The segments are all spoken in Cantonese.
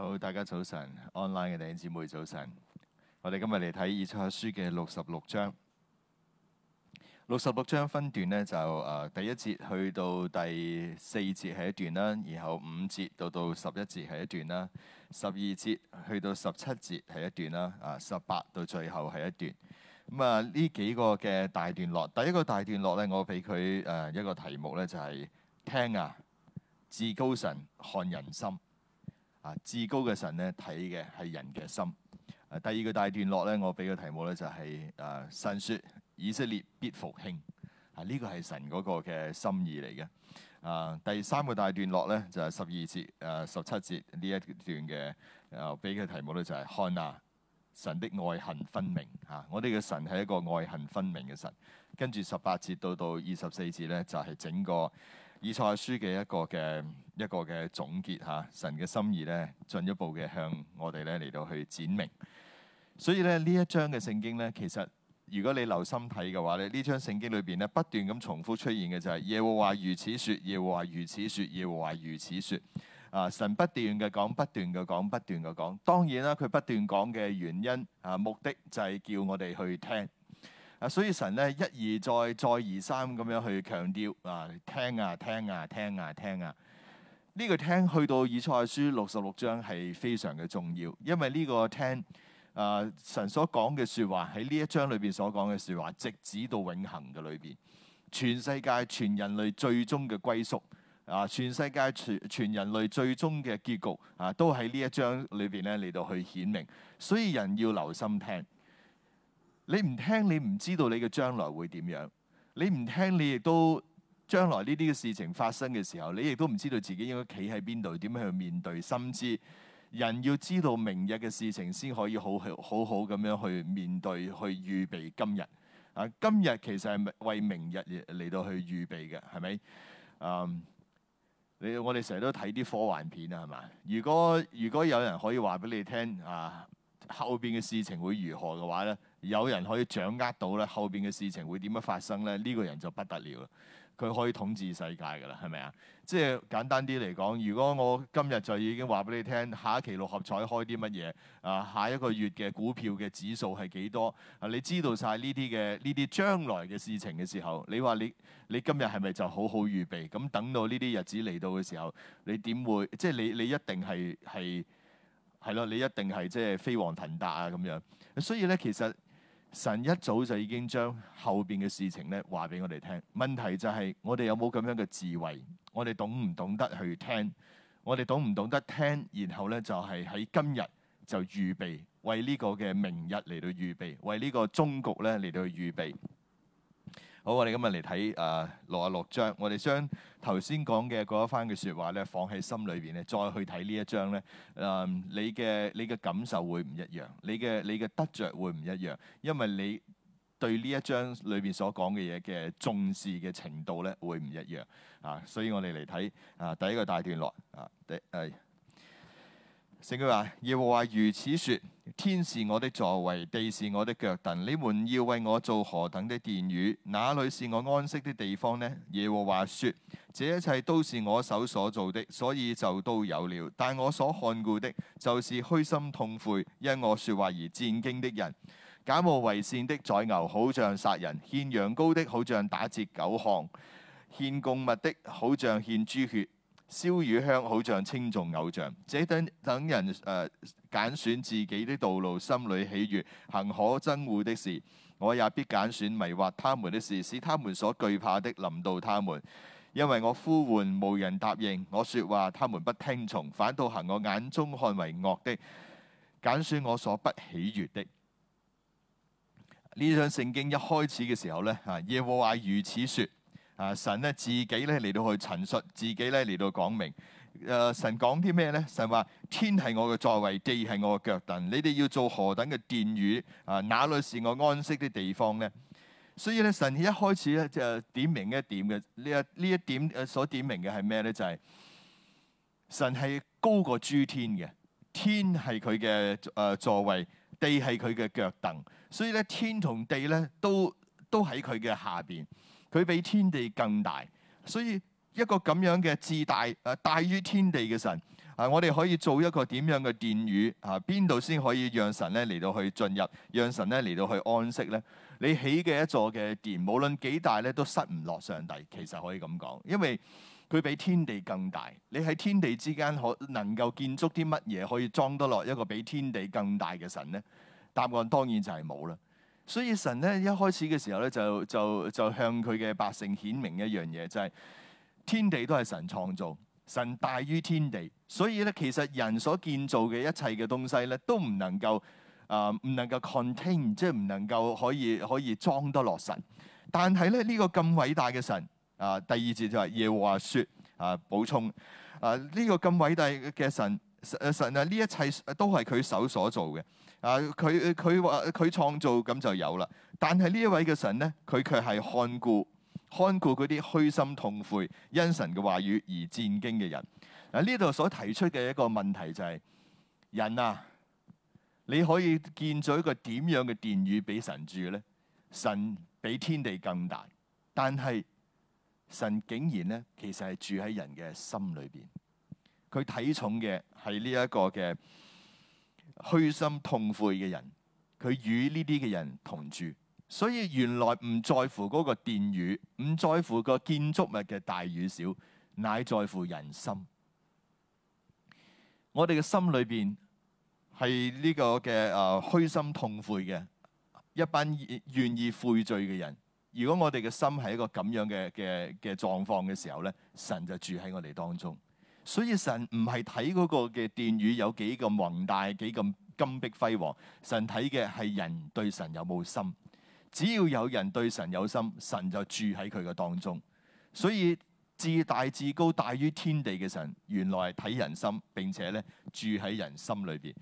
好，大家早晨，online 嘅弟兄姊妹早晨。我哋今日嚟睇《以賽亞書》嘅六十六章。六十六章分段呢，就誒、呃，第一節去到第四節係一段啦，然後五節到到十一節係一段啦，十二節去到十七節係一段啦，啊，十八到最後係一段。咁、嗯、啊，呢幾個嘅大段落，第一個大段落呢，我俾佢誒一個題目呢，就係、是、聽啊，至高神看人心。啊！至高嘅神咧睇嘅係人嘅心。啊，第二個大段落咧，我俾嘅題目咧就係、是、啊，神説以色列必復興。啊，呢個係神嗰個嘅心意嚟嘅。啊，第三個大段落咧就係、是、十二節誒、啊、十七節呢一段嘅啊，俾、呃、嘅題目咧就係看啊，神的愛恨分明。啊，我哋嘅神係一個愛恨分明嘅神。跟住十八節到到二十四節咧，就係、是、整個。以賽書嘅一個嘅一個嘅總結吓，啊，神嘅心意咧，進一步嘅向我哋咧嚟到去展明。所以咧，呢一章嘅聖經咧，其實如果你留心睇嘅話咧，呢章聖經裏邊咧不斷咁重複出現嘅就係，耶和華如此說，耶和華如此說，耶和華如此說。啊，神不斷嘅講，不斷嘅講，不斷嘅講。當然啦，佢不斷講嘅原因啊，目的就係叫我哋去聽。啊，所以神咧一而再、再而三咁樣去強調啊，聽啊、聽啊、聽啊、聽啊，呢、這個聽去到以賽亞書六十六章係非常嘅重要，因為呢個聽啊，神所講嘅說話喺呢一章裏邊所講嘅說話，直至到永恒嘅裏邊，全世界全人類最終嘅歸宿，啊，全世界全全人類最終嘅結局啊，都喺呢一章裏邊咧嚟到去顯明，所以人要留心聽。你唔聽，你唔知道你嘅將來會點樣。你唔聽，你亦都將來呢啲嘅事情發生嘅時候，你亦都唔知道自己應該企喺邊度，點樣去面對。深知人要知道明日嘅事情，先可以好好好咁樣去面對，去預備今日啊。今日其實係為明日嚟到去預備嘅，係咪？嗯、um，你我哋成日都睇啲科幻片啊，係嘛？如果如果有人可以話俾你聽啊，後邊嘅事情會如何嘅話咧？有人可以掌握到咧後邊嘅事情會點樣發生咧？呢個人就不得了啦，佢可以統治世界噶啦，係咪啊？即係簡單啲嚟講，如果我今日就已經話俾你聽，下一期六合彩開啲乜嘢啊？下一個月嘅股票嘅指數係幾多啊？你知道晒呢啲嘅呢啲將來嘅事情嘅時候，你話你你今日係咪就好好預備？咁等到呢啲日子嚟到嘅時候，你點會？即係你你一定係係係咯，你一定係即係飛黃騰達啊咁樣。所以咧，其實。神一早就已經將後邊嘅事情咧話俾我哋聽，問題就係我哋有冇咁樣嘅智慧，我哋懂唔懂得去聽，我哋懂唔懂得聽，然後咧就係、是、喺今日就預備，為呢個嘅明日嚟到預備，為呢個終局咧嚟到去預備。好，我哋今日嚟睇誒六十六章，我哋將頭先講嘅嗰一番嘅説話咧放喺心裏邊咧，再去睇呢一章咧，誒你嘅你嘅感受會唔一樣，你嘅你嘅得着會唔一樣，因為你對呢一章裏邊所講嘅嘢嘅重視嘅程度咧會唔一樣啊，所以我哋嚟睇啊第一個大段落啊第誒。哎聖經話：耶和華如此說，天是我的座位，地是我的腳凳。你們要為我做何等的殿宇？哪裏是我安息的地方呢？耶和華說：這一切都是我手所做的，所以就都有了。但我所看顧的就是虛心痛悔，因我説話而戰驚的人。假冒為善的宰牛，好像殺人；獻羊羔的，好像打折狗項；獻供物的，好像獻豬血。燒乳香好像稱頌偶像，這等等人誒揀、呃、選自己的道路，心裏喜悦，行可憎惡的事，我也必揀選迷惑他們的事，使他們所懼怕的臨到他們，因為我呼喚無人答應，我說話他們不聽從，反倒行我眼中看為惡的，揀選我所不喜悦的。呢章聖經一開始嘅時候咧，耶和華如此說。啊！神咧自己咧嚟到去陳述，自己咧嚟到講明。誒、呃，神講啲咩咧？神話天係我嘅座位，地係我嘅腳凳。你哋要做何等嘅殿宇？啊、呃，哪裏是我安息嘅地方咧？所以咧，神一開始咧就點明一點嘅呢一呢一點誒所點明嘅係咩咧？就係、是、神係高過諸天嘅，天係佢嘅誒座位，地係佢嘅腳凳。所以咧，天同地咧都都喺佢嘅下邊。佢比天地更大，所以一個咁樣嘅至大誒、呃、大於天地嘅神啊，我哋可以做一個點樣嘅殿宇啊？邊度先可以讓神咧嚟到去進入，讓神咧嚟到去安息咧？你起嘅一座嘅殿，無論幾大咧，都塞唔落上帝。其實可以咁講，因為佢比天地更大。你喺天地之間可，可能夠建築啲乜嘢可以裝得落一個比天地更大嘅神咧？答案當然就係冇啦。所以神咧一開始嘅時候咧就就就向佢嘅百姓顯明一樣嘢，就係、是、天地都係神創造，神大於天地。所以咧其實人所建造嘅一切嘅東西咧都唔能夠啊唔、呃、能夠 contain，即係唔能夠可以可以裝得落神。但係咧呢、這個咁偉大嘅神啊、呃，第二節就係耶和華説啊，補充啊呢、呃這個咁偉大嘅神神啊呢、呃、一切都係佢手所做嘅。啊！佢佢話佢創造咁就有啦，但係呢一位嘅神咧，佢卻係看顧、看顧嗰啲虛心痛悔、因神嘅話語而戰驚嘅人。嗱、啊，呢度所提出嘅一個問題就係、是：人啊，你可以建造一個點樣嘅殿宇俾神住咧？神比天地更大，但係神竟然咧，其實係住喺人嘅心裏邊。佢睇重嘅係呢一個嘅。虛心痛悔嘅人，佢與呢啲嘅人同住，所以原來唔在乎嗰個殿宇，唔在乎個建築物嘅大與小，乃在乎人心。我哋嘅心裏邊係呢個嘅啊虛心痛悔嘅一班願意悔罪嘅人。如果我哋嘅心係一個咁樣嘅嘅嘅狀況嘅時候咧，神就住喺我哋當中。所以神唔係睇嗰個嘅殿宇有幾咁宏大，幾咁金碧輝煌，神睇嘅係人對神有冇心。只要有人對神有心，神就住喺佢嘅當中。所以至大至高大於天地嘅神，原來係睇人心，並且呢住喺人心裏邊。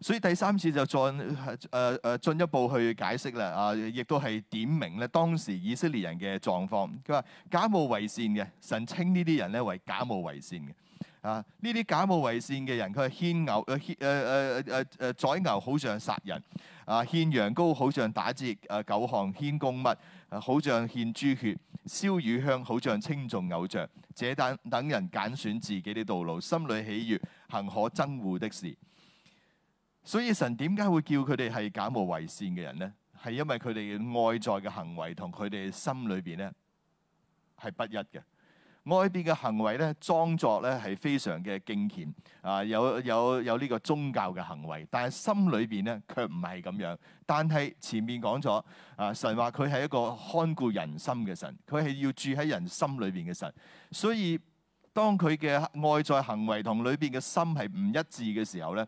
所以第三次就再誒誒進一步去解釋啦啊，亦都係點明咧當時以色列人嘅狀況。佢話假冒為善嘅神稱呢啲人咧為假冒為善嘅啊，呢啲、啊、假冒為善嘅人佢係牽牛誒牽誒誒誒宰牛，啊啊、牛好像殺人啊；獻羊羔好像打折誒狗項，獻供物好像獻豬血，燒乳香好像稱重偶像。這等等人揀選自己啲道路，心裏喜悅，行可憎惡的事。所以神點解會叫佢哋係假冒為善嘅人咧？係因為佢哋嘅外在嘅行為同佢哋心裏邊咧係不一嘅。外邊嘅行為咧裝作咧係非常嘅敬虔啊，有有有呢個宗教嘅行為，但係心裏邊咧卻唔係咁樣。但係前面講咗啊，神話佢係一個看顧人心嘅神，佢係要住喺人心裏邊嘅神。所以當佢嘅外在行為同裏邊嘅心係唔一致嘅時候咧。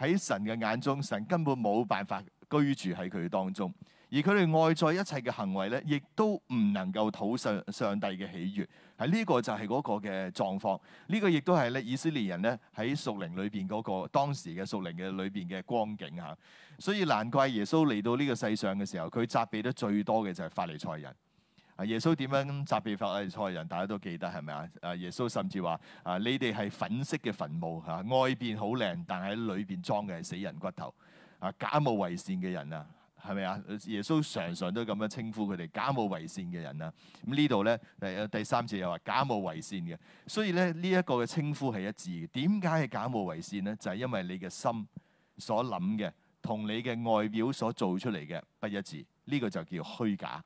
喺神嘅眼中，神根本冇辦法居住喺佢當中，而佢哋外在一切嘅行為咧，亦都唔能夠討上上帝嘅喜悅。喺呢個就係嗰個嘅狀況，呢個亦都係咧以色列人咧喺屬靈裏邊嗰個當時嘅屬靈嘅裏邊嘅光景吓，所以難怪耶穌嚟到呢個世上嘅時候，佢責備得最多嘅就係法利賽人。耶穌點樣責備法利賽、啊、人？大家都記得係咪啊？啊！耶穌甚至話：啊，你哋係粉色嘅墳墓，嚇、啊、外邊好靚，但係裏邊裝嘅係死人骨頭。啊！假冒為善嘅人啊，係咪啊？耶穌常常都咁樣稱呼佢哋假冒為善嘅人啊。咁、嗯、呢度咧誒第三節又話假冒為善嘅。所以咧呢一、呢個嘅稱呼係一致嘅。點解係假冒為善咧？就係、係、因為你嘅心所諗嘅同你嘅外表所做出嚟嘅不一致，呢、呢個就叫虛假。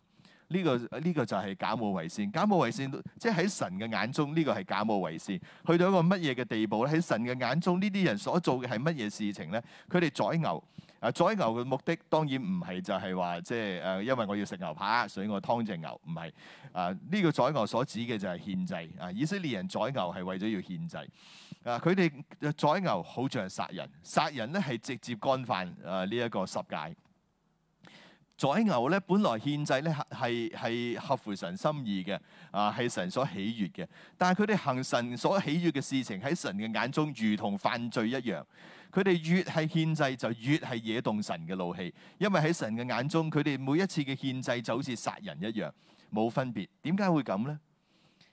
呢、這個呢、這個就係假冒為善。假冒為善，即喺神嘅眼中呢、這個係假冒為善。去到一個乜嘢嘅地步咧？喺神嘅眼中，呢啲人所做嘅係乜嘢事情咧？佢哋宰牛，啊，宰牛嘅目的當然唔係就係話即係誒，因為我要食牛扒，所以我劏隻牛，唔係啊。呢、這個宰牛所指嘅就係獻祭。啊。以色列人宰牛係為咗要獻祭。啊。佢哋宰牛好像殺人，殺人咧係直接干犯啊呢一個十戒。宰牛咧，本來獻祭咧係係合乎神心意嘅，啊係神所喜悦嘅。但係佢哋行神所喜悦嘅事情，喺神嘅眼中如同犯罪一樣。佢哋越係獻祭，就越係惹動神嘅怒氣。因為喺神嘅眼中，佢哋每一次嘅獻祭就好似殺人一樣，冇分別。點解會咁咧？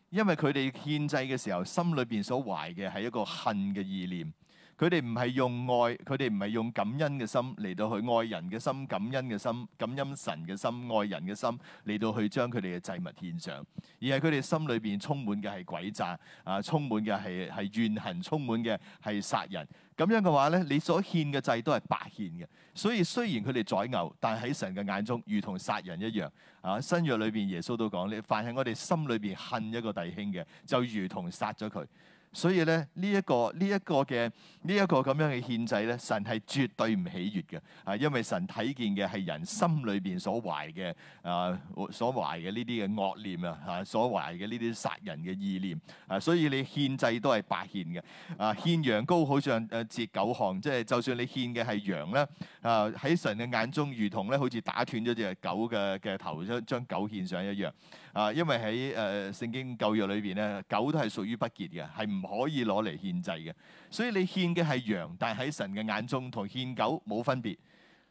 因為佢哋獻祭嘅時候，心裏邊所懷嘅係一個恨嘅意念。佢哋唔係用愛，佢哋唔係用感恩嘅心嚟到去愛人嘅心、感恩嘅心、感恩神嘅心、愛人嘅心嚟到去將佢哋嘅祭物獻上，而係佢哋心裏邊充滿嘅係詭詐啊，充滿嘅係係怨恨，充滿嘅係殺人。咁樣嘅話咧，你所獻嘅祭都係白獻嘅。所以雖然佢哋宰牛，但喺神嘅眼中如同殺人一樣啊。新約裏邊耶穌都講咧，凡係我哋心裏邊恨一個弟兄嘅，就如同殺咗佢。所以咧，呢一個呢一個嘅呢一個咁樣嘅獻祭咧，神係絕對唔喜悅嘅，啊，因為神睇見嘅係人心裏邊所懷嘅啊，所懷嘅呢啲嘅惡念啊，啊，所懷嘅呢啲殺人嘅意念啊，所以你獻祭都係白獻嘅啊，獻羊羔好像誒折狗項，即係就算你獻嘅係羊咧啊，喺神嘅眼中如同咧好似打斷咗隻狗嘅嘅頭，將將狗獻上一樣。啊，因為喺誒聖經舊約裏邊咧，狗都係屬於不潔嘅，係唔可以攞嚟獻祭嘅。所以你獻嘅係羊，但係喺神嘅眼中同獻狗冇分別。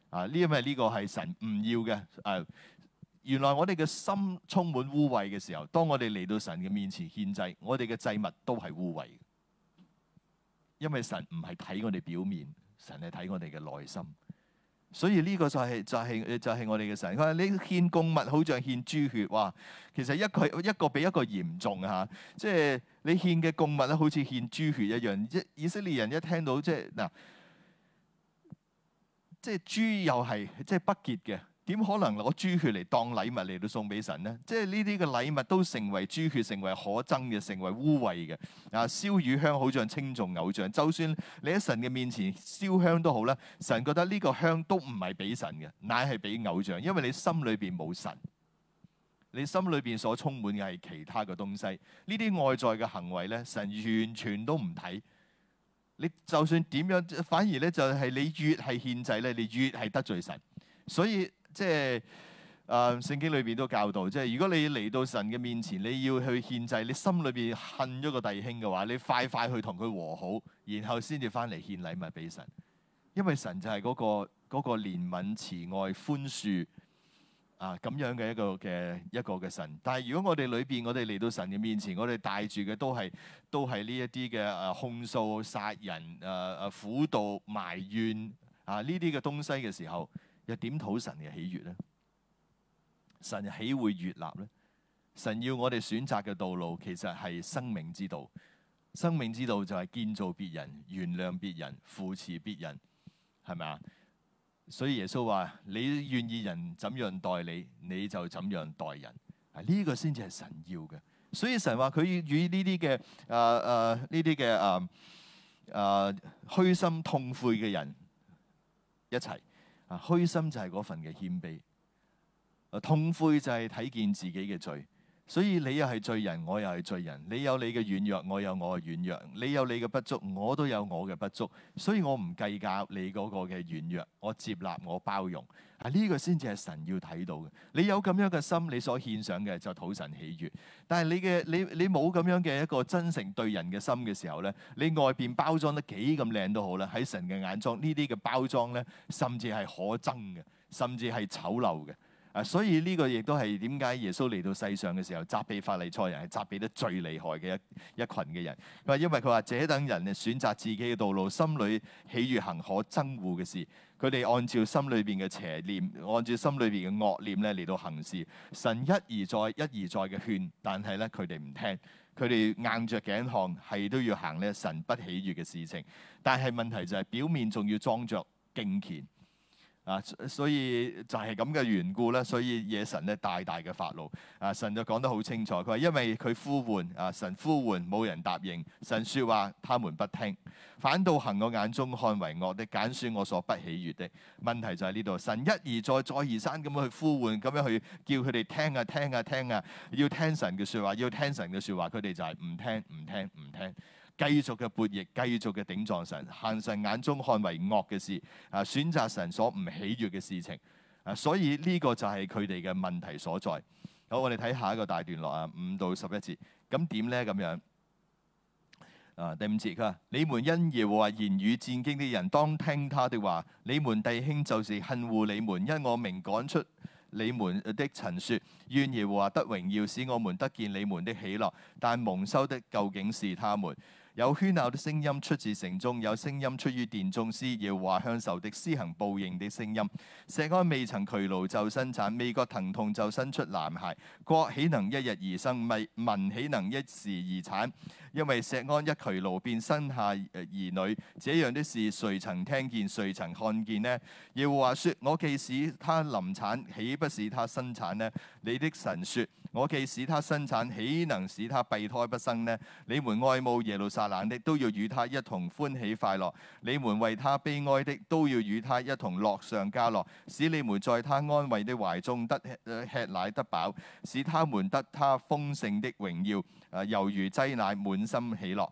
啊，呢因為呢個係神唔要嘅。誒，原來我哋嘅心充滿污穢嘅時候，當我哋嚟到神嘅面前獻祭，我哋嘅祭物都係污穢。因為神唔係睇我哋表面，神係睇我哋嘅內心。所以呢個就係、是、就係、是、就係、是、我哋嘅神。佢話你獻供物，好像獻豬血。哇！其實一個一個比一個嚴重嚇。即、啊、係、就是、你獻嘅供物咧，好似獻豬血一樣。以以色列人一聽到即係嗱，即、就、係、是就是、豬又係即係不潔嘅。點可能攞豬血嚟，當禮物嚟到送俾神呢？即係呢啲嘅禮物都成為豬血，成為可憎嘅，成為污穢嘅。啊，燒乳香好像稱頌偶像，就算你喺神嘅面前燒香都好啦，神覺得呢個香都唔係俾神嘅，乃係俾偶像，因為你心裏邊冇神，你心裏邊所充滿嘅係其他嘅東西。呢啲外在嘅行為咧，神完全都唔睇，你就算點樣，反而咧就係你越係獻祭咧，你越係得罪神。所以。即係啊、嗯，聖經裏邊都教導，即係如果你嚟到神嘅面前，你要去獻祭，你心裏邊恨咗個弟兄嘅話，你快快去同佢和好，然後先至翻嚟獻禮物俾神，因為神就係嗰個嗰個憐憫、慈愛、寬恕啊咁樣嘅一個嘅一個嘅神。但係如果我哋裏邊，我哋嚟到神嘅面前，我哋帶住嘅都係都係呢一啲嘅控訴、殺人、誒誒苦毒、埋怨啊呢啲嘅東西嘅時候。又點討神嘅喜悦咧？神喜會悦納咧？神要我哋選擇嘅道路，其實係生命之道。生命之道就係建造別人、原諒別人、扶持別人，係咪啊？所以耶穌話：你願意人怎樣待你，你就怎樣待人。啊，呢個先至係神要嘅。所以神話佢與呢啲嘅誒誒呢啲嘅誒誒虛心痛悔嘅人一齊。啊，虛心就係嗰份嘅謙卑，痛悔就係睇見自己嘅罪，所以你又係罪人，我又係罪人。你有你嘅軟弱，我有我嘅軟弱。你有你嘅不足，我都有我嘅不足。所以我唔計較你嗰個嘅軟弱，我接納，我包容。啊！呢個先至係神要睇到嘅。你有咁樣嘅心，你所獻上嘅就討神喜悅。但係你嘅，你你冇咁樣嘅一個真誠對人嘅心嘅時候咧，你外邊包裝得幾咁靚都好啦。喺神嘅眼中呢啲嘅包裝咧，甚至係可憎嘅，甚至係醜陋嘅。啊！所以呢個亦都係點解耶穌嚟到世上嘅時候責備法利賽人係責備得最厲害嘅一一群嘅人。佢話：因為佢話這等人嘅選擇自己嘅道路，心裏喜悅行可憎惡嘅事。佢哋按照心裏邊嘅邪念，按照心裏邊嘅惡念咧嚟到行事。神一而再、一而再嘅勸，但係咧佢哋唔聽，佢哋硬着頸項係都要行咧神不喜悅嘅事情。但係問題就係表面仲要裝著敬虔。啊，所以就係咁嘅緣故咧，所以惹神咧大大嘅發怒。啊，神就講得好清楚，佢話因為佢呼喚，啊神呼喚冇人答應，神説話他們不聽，反倒行我眼中看為惡的，揀選我所不喜悅的。問題就喺呢度，神一而再，再而三咁樣去呼喚，咁樣去叫佢哋聽啊聽啊聽啊，要聽神嘅説話，要聽神嘅説話，佢哋就係唔聽唔聽唔聽。繼續嘅叛逆，繼續嘅頂撞神，行神眼中看為惡嘅事，啊，選擇神所唔喜悅嘅事情啊，所以呢個就係佢哋嘅問題所在。好，我哋睇下一個大段落啊，五到十一節。咁點呢？咁樣啊，第五節啦。 你們因耶和華言語戰兢的人，當聽他的話。你們弟兄就是恨惡你們，因我名趕出你們的曾說，願耶和華得榮耀，使我們得見你們的喜樂。但蒙羞的究竟是他們。有喧鬧的聲音出自城中，有聲音出於殿中，是耶和華向受的施行報應的聲音。錫安未曾劬勞就生產，未覺疼痛就生出男孩。國豈能一日而生？民豈能一時而產？因為錫安一劬勞便生下兒女，這樣的事誰曾聽見？誰曾看見呢？耶和華說：我即使他臨產，豈不是他生產呢？你的神說。我既使他生產，豈能使他閉胎不生呢？你們愛慕耶路撒冷的，都要與他一同歡喜快樂；你們為他悲哀的，都要與他一同樂上加樂，使你們在他安慰的懷中得吃奶得飽，使他們得他豐盛的榮耀，啊，猶如擠奶滿心喜樂。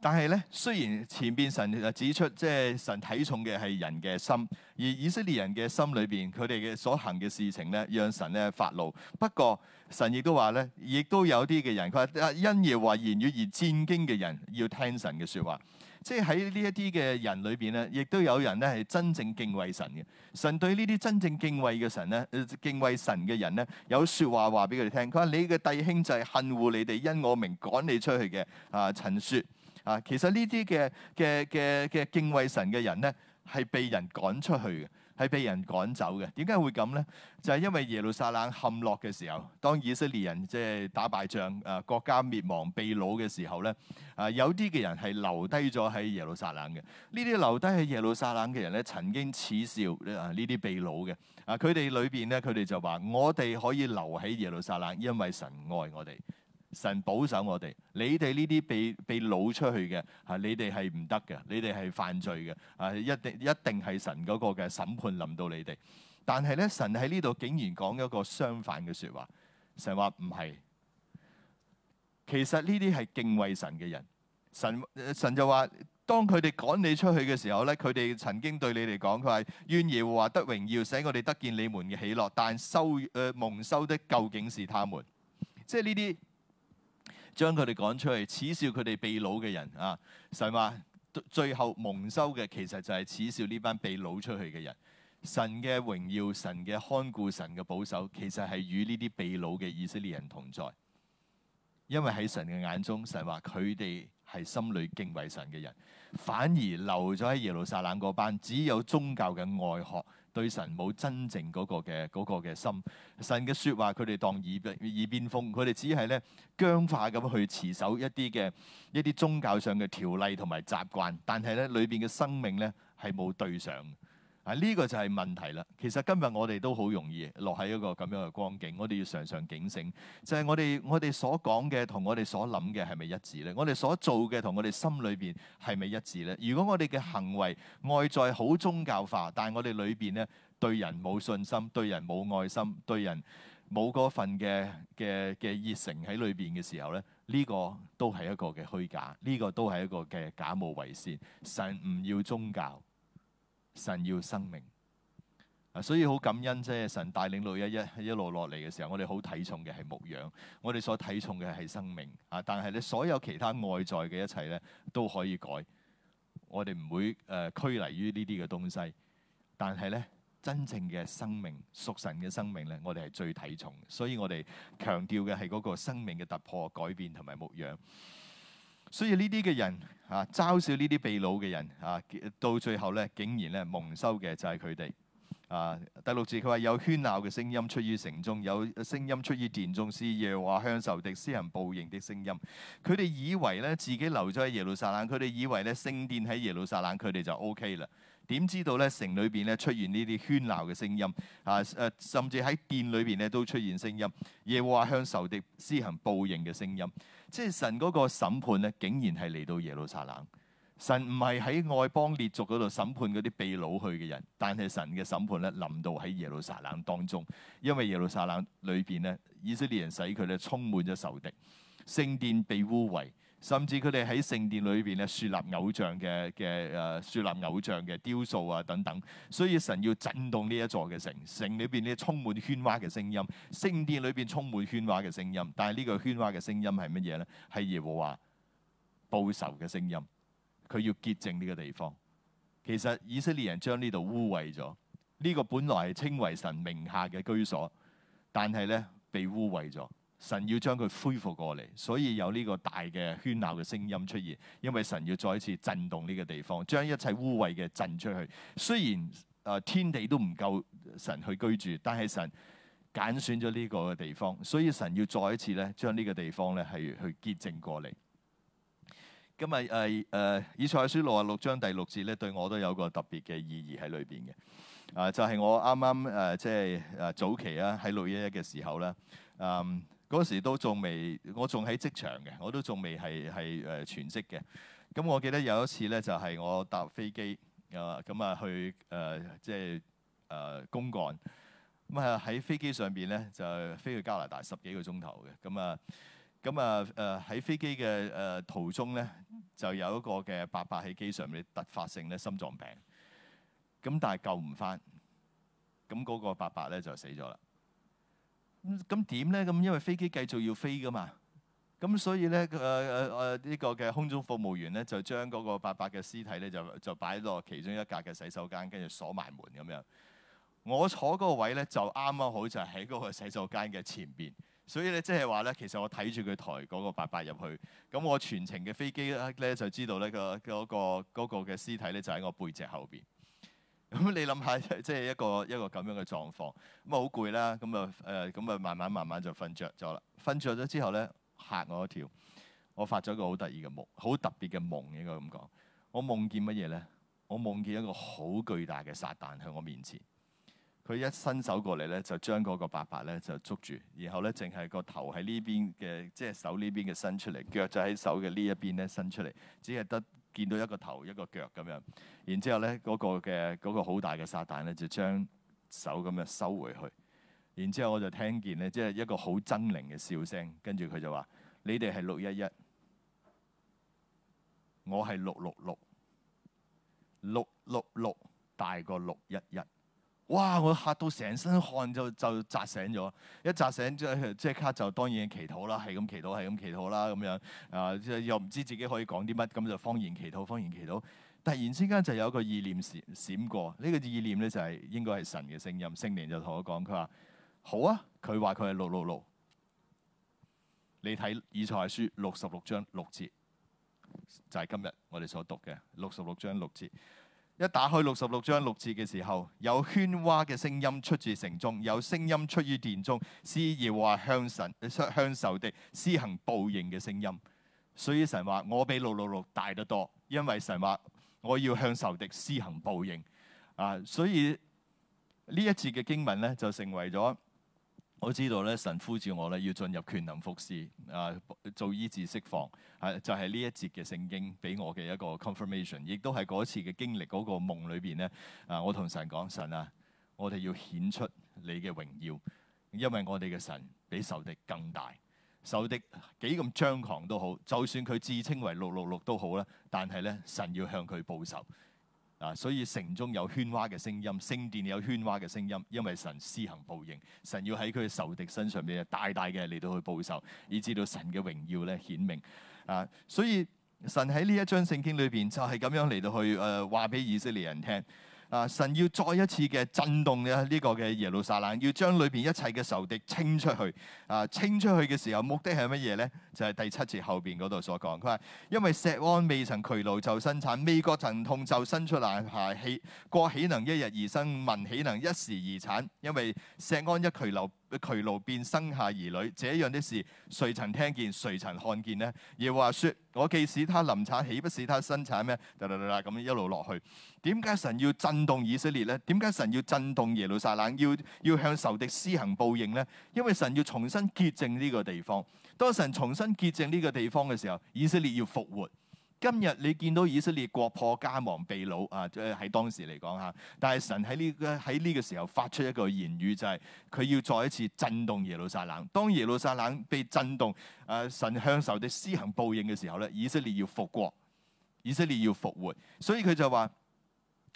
但係咧，雖然前邊神就指出，即係神睇重嘅係人嘅心，而以色列人嘅心裏邊，佢哋嘅所行嘅事情咧，讓神咧發怒。不過神亦都話咧，亦都有啲嘅人，佢話因耶話言語而，而，而戰驚嘅人要聽神嘅説話，即係喺呢一啲嘅人裏邊咧，亦都有人咧係真正敬畏神嘅。神對呢啲真正敬畏嘅神咧，敬畏神嘅人咧，有説話話俾佢哋聽。佢話你嘅弟兄就係恨惡你哋，因我名趕你出去嘅啊。陳、呃、説。啊，其實呢啲嘅嘅嘅嘅敬畏神嘅人咧，係被人趕出去嘅，係被人趕走嘅。點解會咁咧？就係因為耶路撒冷陷落嘅時候，當以色列人即係打敗仗、啊國家滅亡、被擄嘅時候咧，啊有啲嘅人係留低咗喺耶路撒冷嘅。呢啲留低喺耶路撒冷嘅人咧，曾經恥笑啊呢啲被擄嘅。啊佢哋裏邊咧，佢哋就話：我哋可以留喺耶路撒冷，因為神愛我哋。神保守我哋，你哋呢啲被被擄出去嘅，吓你哋係唔得嘅，你哋係犯罪嘅，啊一定一定係神嗰個嘅審判臨到你哋。但係咧，神喺呢度竟然講一個相反嘅說話，神話唔係，其實呢啲係敬畏神嘅人。神、呃、神就話，當佢哋趕你出去嘅時候咧，佢哋曾經對你哋講，佢話願耶和華得榮耀，使我哋得見你們嘅喜樂。但收誒、呃、蒙收的蒙羞的究竟是他們，即係呢啲。將佢哋趕出去，恥笑佢哋被擄嘅人啊！神話最後蒙羞嘅，其實就係恥笑呢班被擄出去嘅人。神嘅榮耀、神嘅看顧、神嘅保守，其實係與呢啲被擄嘅以色列人同在。因為喺神嘅眼中，神話佢哋係心裏敬畏神嘅人，反而留咗喺耶路撒冷嗰班，只有宗教嘅外學。對神冇真正嗰個嘅嗰個嘅心，神嘅說話佢哋當耳耳耳邊風，佢哋只係咧僵化咁去持守一啲嘅一啲宗教上嘅條例同埋習慣，但係咧裏邊嘅生命咧係冇對上。呢個就係問題啦。其實今日我哋都好容易落喺一個咁樣嘅光景，我哋要常常警醒。就係、是、我哋我哋所講嘅同我哋所諗嘅係咪一致咧？我哋所做嘅同我哋心裏邊係咪一致咧？如果我哋嘅行為外在好宗教化，但係我哋裏邊咧對人冇信心、對人冇愛心、對人冇嗰份嘅嘅嘅熱誠喺裏邊嘅時候咧，呢、這個都係一個嘅虛假，呢、這個都係一個嘅假冒為善。神唔要宗教。神要生命啊，所以好感恩啫。神帶領我一一一路落嚟嘅時候，我哋好睇重嘅係牧養，我哋所睇重嘅係生命啊。但係咧，所有其他外在嘅一切咧都可以改，我哋唔會誒拘泥於呢啲嘅東西。但係咧，真正嘅生命屬神嘅生命咧，我哋係最睇重。所以我哋強調嘅係嗰個生命嘅突破、改變同埋牧養。所以呢啲嘅人啊，嘲笑呢啲被擄嘅人啊，到最後咧，竟然咧蒙羞嘅就係佢哋啊。第六節，佢話有喧鬧嘅聲音出於城中，有聲音出於殿中，是耶和華享受的施行報應的聲音。佢哋以為咧自己留咗喺耶路撒冷，佢哋以為咧聖殿喺耶路撒冷，佢哋就 O K 啦。點知道咧？城裏邊咧出現呢啲喧鬧嘅聲音，啊誒，甚至喺殿裏邊咧都出現聲音。耶和華向仇敵施行報應嘅聲音，即係神嗰個審判咧，竟然係嚟到耶路撒冷。神唔係喺外邦列族嗰度審判嗰啲被擄去嘅人，但係神嘅審判咧臨到喺耶路撒冷當中，因為耶路撒冷裏邊咧，以色列人使佢咧充滿咗仇敵，聖殿被污穢。甚至佢哋喺聖殿裏邊咧，樹立偶像嘅嘅誒，樹立偶像嘅雕塑啊等等。所以神要震動呢一座嘅城，城裏邊咧充滿喧譁嘅聲音，聖殿裏邊充滿喧譁嘅聲音。但係呢個喧譁嘅聲音係乜嘢咧？係耶和華報仇嘅聲音，佢要潔淨呢個地方。其實以色列人將呢度污穢咗，呢、呢個本來係稱為神名下嘅居所，但係咧被污穢咗。神要將佢恢復過嚟，所以有呢個大嘅喧鬧嘅聲音出現，因為神要再一次震動呢個地方，將一切污穢嘅震出去。雖然誒、呃、天地都唔夠神去居住，但係神揀選咗呢個地方，所以神要再一次咧，將呢個地方咧係去潔淨過嚟。今日誒誒以賽書六啊六章第六節咧，對我都有個特別嘅意義喺裏邊嘅。啊、呃，就係、是、我啱啱誒即係誒早期啊，喺六一一嘅時候咧，嗯。嗰時都仲未，我仲喺職場嘅，我都仲未係係誒全職嘅。咁我記得有一次咧，就係、是、我搭飛機啊，咁、呃、啊去誒、呃，即係誒、呃、公幹。咁啊喺飛機上邊咧，就飛去加拿大十幾個鐘頭嘅。咁啊，咁啊誒喺飛機嘅誒途中咧，就有一個嘅伯伯喺機上面突發性咧心臟病。咁但係救唔返，咁嗰個伯伯咧就死咗啦。咁點咧？咁因為飛機繼續要飛㗎嘛，咁所以咧，誒誒誒呢個嘅空中服務員咧，就將嗰個伯伯嘅屍體咧，就就擺落其中一格嘅洗手間，跟住鎖埋門咁樣。我坐嗰個位咧，就啱啱好就喺嗰個洗手間嘅前邊，所以咧，即係話咧，其實我睇住佢抬嗰個伯伯入去，咁我全程嘅飛機咧就知道咧嗰個嗰個嗰個嘅屍體咧就喺我背脊後邊。咁你諗下，即係一個一個咁樣嘅狀況，咁啊好攰啦，咁啊誒，咁、呃、啊慢慢慢慢就瞓着咗啦。瞓着咗之後咧，嚇我一跳，我發咗一個好得意嘅夢，好特別嘅夢應該咁講。我夢見乜嘢咧？我夢見一個好巨大嘅撒旦喺我面前，佢一伸手過嚟咧，就將嗰個伯伯咧就捉住，然後咧淨係個頭喺呢邊嘅，即係手呢邊嘅伸出嚟，腳就喺手嘅呢一邊咧伸出嚟，只係得。見到一個頭一個腳咁樣，然之後呢嗰、那個嘅嗰、那個好大嘅撒旦呢，就將手咁樣收回去，然之後我就聽見呢，即、就、係、是、一個好猙獰嘅笑聲，跟住佢就話：你哋係六一一，我係六六六，六六六大過六一一。哇！我嚇到成身汗就，就就扎醒咗。一扎醒就即刻就當然祈禱啦，係咁祈禱，係咁祈禱啦咁樣。啊、呃！又唔知自己可以講啲乜，咁就方言祈禱，方言祈禱。突然之間就有一個意念閃閃過，呢、這個意念咧就係應該係神嘅聲音。聖靈就同我講，佢話：好啊！佢話佢係六六六。你睇《以賽書》六十六章六節，就係、是、今日我哋所讀嘅六十六章六節。一打開六十六章六節嘅時候，有喧嘩嘅聲音出自城中，有聲音出於殿中，是而話向神向仇敵施行報應嘅聲音。所以神話我比六六六大得多，因為神話我要向仇敵施行報應啊！Uh, 所以呢一次嘅經文咧就成為咗。我知道咧，神呼召我咧要進入權能服侍啊，做醫治釋放係就係、是、呢一節嘅聖經俾我嘅一個 confirmation，亦都係嗰次嘅經歷嗰個夢裏邊咧啊，我同神講，神啊，我哋要顯出你嘅榮耀，因為我哋嘅神比仇敵更大，仇敵幾咁張狂都好，就算佢自稱為六六六都好啦，但係咧神要向佢報仇。嗱，所以城中有喧嘩嘅聲音，聖殿有喧嘩嘅聲音，因為神施行報應，神要喺佢仇敵身上邊大大嘅嚟到去報仇，以致到神嘅榮耀咧顯明。啊，所以神喺呢一章聖經裏邊就係咁樣嚟到去誒話俾以色列人聽。啊！神要再一次嘅震動嘅呢個嘅耶路撒冷，要將裏邊一切嘅仇敵清出去。啊，清出去嘅時候目的係乜嘢咧？就係、是、第七節後邊嗰度所講，佢話因為錫安未曾劬勞就生產，未覺疼痛就生出男孩。國豈能一日而生，民豈能一時而產？因為錫安一劬勞，劬勞便生下兒女，這樣的事誰曾聽見，誰曾看見呢？耶和華說，我既使他臨產，豈不使他生產咩？咁一路落去，點解神要震動以色列咧？點解神要震動耶路撒冷，要要向仇敵施行報應咧？因為神要重新潔淨呢個地方。當神重新潔淨呢個地方嘅時候，以色列要復活。今日你見到以色列國破家亡秘、被擄啊，即係喺當時嚟講嚇。但係神喺呢、這個喺呢個時候發出一個言語，就係、是、佢要再一次震動耶路撒冷。當耶路撒冷被震動，誒、啊、神向仇敵施行報應嘅時候咧，以色列要復國，以色列要復活。所以佢就話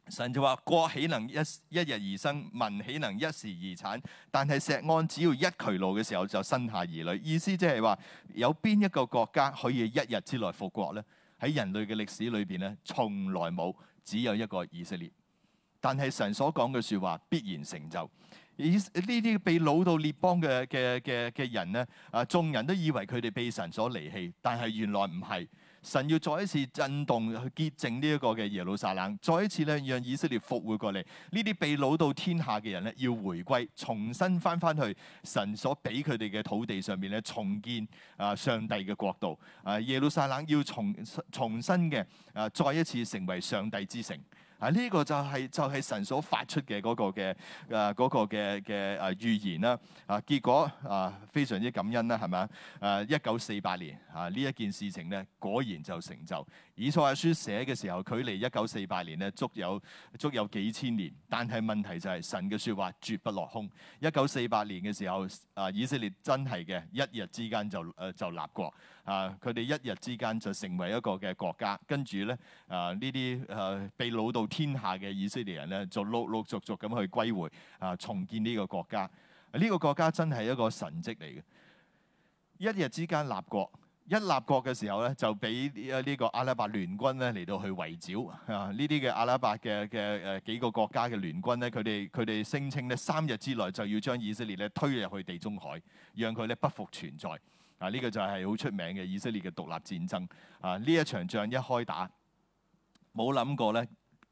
神就話國豈能一一日而生，民豈能一時而產？但係錫安只要一劬勞嘅時候就生下兒女。意思即係話有邊一個國家可以一日之內復國咧？喺人類嘅歷史裏邊咧，從來冇只有一個以色列。但係神所講嘅説話必然成就。以呢啲被擄到列邦嘅嘅嘅嘅人咧，啊眾人都以為佢哋被神所離棄，但係原來唔係。神要再一次震動去潔淨呢一個嘅耶路撒冷，再一次咧讓以色列復活過嚟。呢啲被老到天下嘅人咧，要回歸，重新翻翻去神所俾佢哋嘅土地上邊咧，重建啊上帝嘅國度啊，耶路撒冷要重、重新嘅啊再一次成為上帝之城。啊！呢、這個就係、是、就係、是、神所發出嘅嗰個嘅誒嗰個嘅嘅誒預言啦！啊，結果啊非常之感恩啦，係咪啊？誒，一九四八年啊，呢一件事情咧果然就成就。以賽亞書寫嘅時候，距離一九四八年咧，足有足有幾千年。但係問題就係，神嘅説話絕不落空。一九四八年嘅時候，啊，以色列真係嘅，一日之間就誒就立國啊！佢哋一日之間就成為一個嘅國家。跟住咧啊，呢啲誒被擄到天下嘅以色列人咧，就陸陸續續咁去歸回啊，重建呢個國家。呢、啊這個國家真係一個神跡嚟嘅，一日之間立國。一立國嘅時候咧，就俾啊呢個阿拉伯聯軍咧嚟到去圍剿啊！呢啲嘅阿拉伯嘅嘅誒幾個國家嘅聯軍咧，佢哋佢哋聲稱咧三日之內就要將以色列咧推入去地中海，讓佢咧不復存在啊！呢、呢個就係好出名嘅以色列嘅獨立戰爭啊！呢一場仗一開打，冇諗過咧，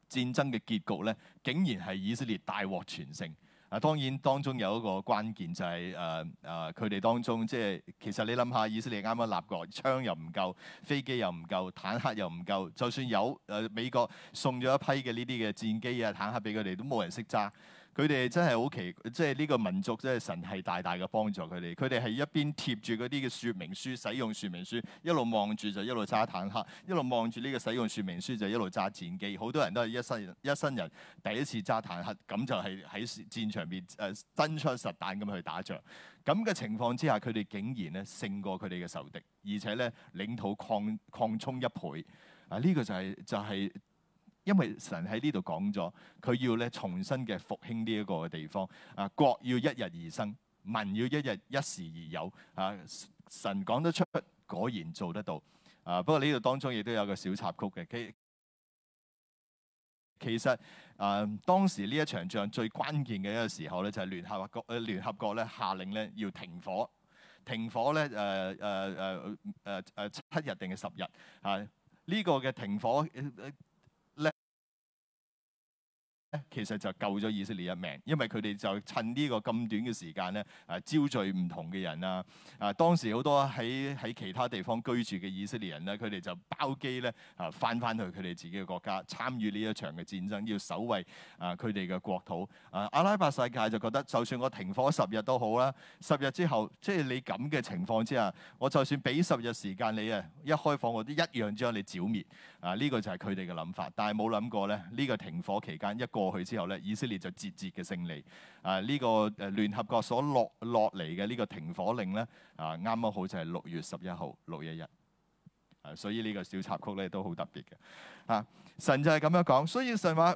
戰爭嘅結局咧，竟然係以色列大獲全勝。嗱，當然當中有一個關鍵就係誒誒，佢、呃、哋、呃、當中即係其實你諗下，以色列啱啱立國，槍又唔夠，飛機又唔夠，坦克又唔夠，就算有誒、呃、美國送咗一批嘅呢啲嘅戰機啊、坦克俾佢哋，都冇人識揸。佢哋真係好奇，即係呢個民族真係神係大大嘅幫助佢哋。佢哋係一邊貼住嗰啲嘅說明書，使用說明書，一路望住就一路揸坦克，一路望住呢個使用說明書就一路揸戰機。好多人都係一生人，一生人第一次揸坦克，咁就係喺戰場邊誒真槍實彈咁去打仗。咁嘅情況之下，佢哋竟然咧勝過佢哋嘅仇敵，而且咧領土擴擴充一倍。啊，呢個就係，就係。因為神喺呢度講咗，佢要咧重新嘅復興呢一個嘅地方啊，國要一日而生，民要一日一時而有啊。神講得出，果然做得到啊。不過呢度當中亦都有個小插曲嘅。其其實啊，當時呢一場仗最關鍵嘅一個時候咧，就係誒聯合國聯合國咧下令咧要停火，停火咧誒誒誒誒誒七日定係十日啊。呢個嘅停火。呃其實就救咗以色列一命，因為佢哋就趁呢個咁短嘅時間咧，啊招聚唔同嘅人啦，啊當時好多喺喺其他地方居住嘅以色列人咧，佢哋就包機咧啊翻翻去佢哋自己嘅國家，參與呢一場嘅戰爭，要守衛啊佢哋嘅國土。啊阿拉伯世界就覺得，就算我停火十日都好啦，十日之後，即係你咁嘅情況之下，我就算俾十日時間你啊，一開火我都一樣將你剿滅。啊呢個就係佢哋嘅諗法，但係冇諗過咧呢個停火期間一個。過去之後咧，以色列就節節嘅勝利。啊，呢個誒聯合國所落落嚟嘅呢個停火令咧，啊啱啱好就係六月十一號六一一。啊，所以呢個小插曲咧都好特別嘅。啊，神就係咁樣講，所以神話。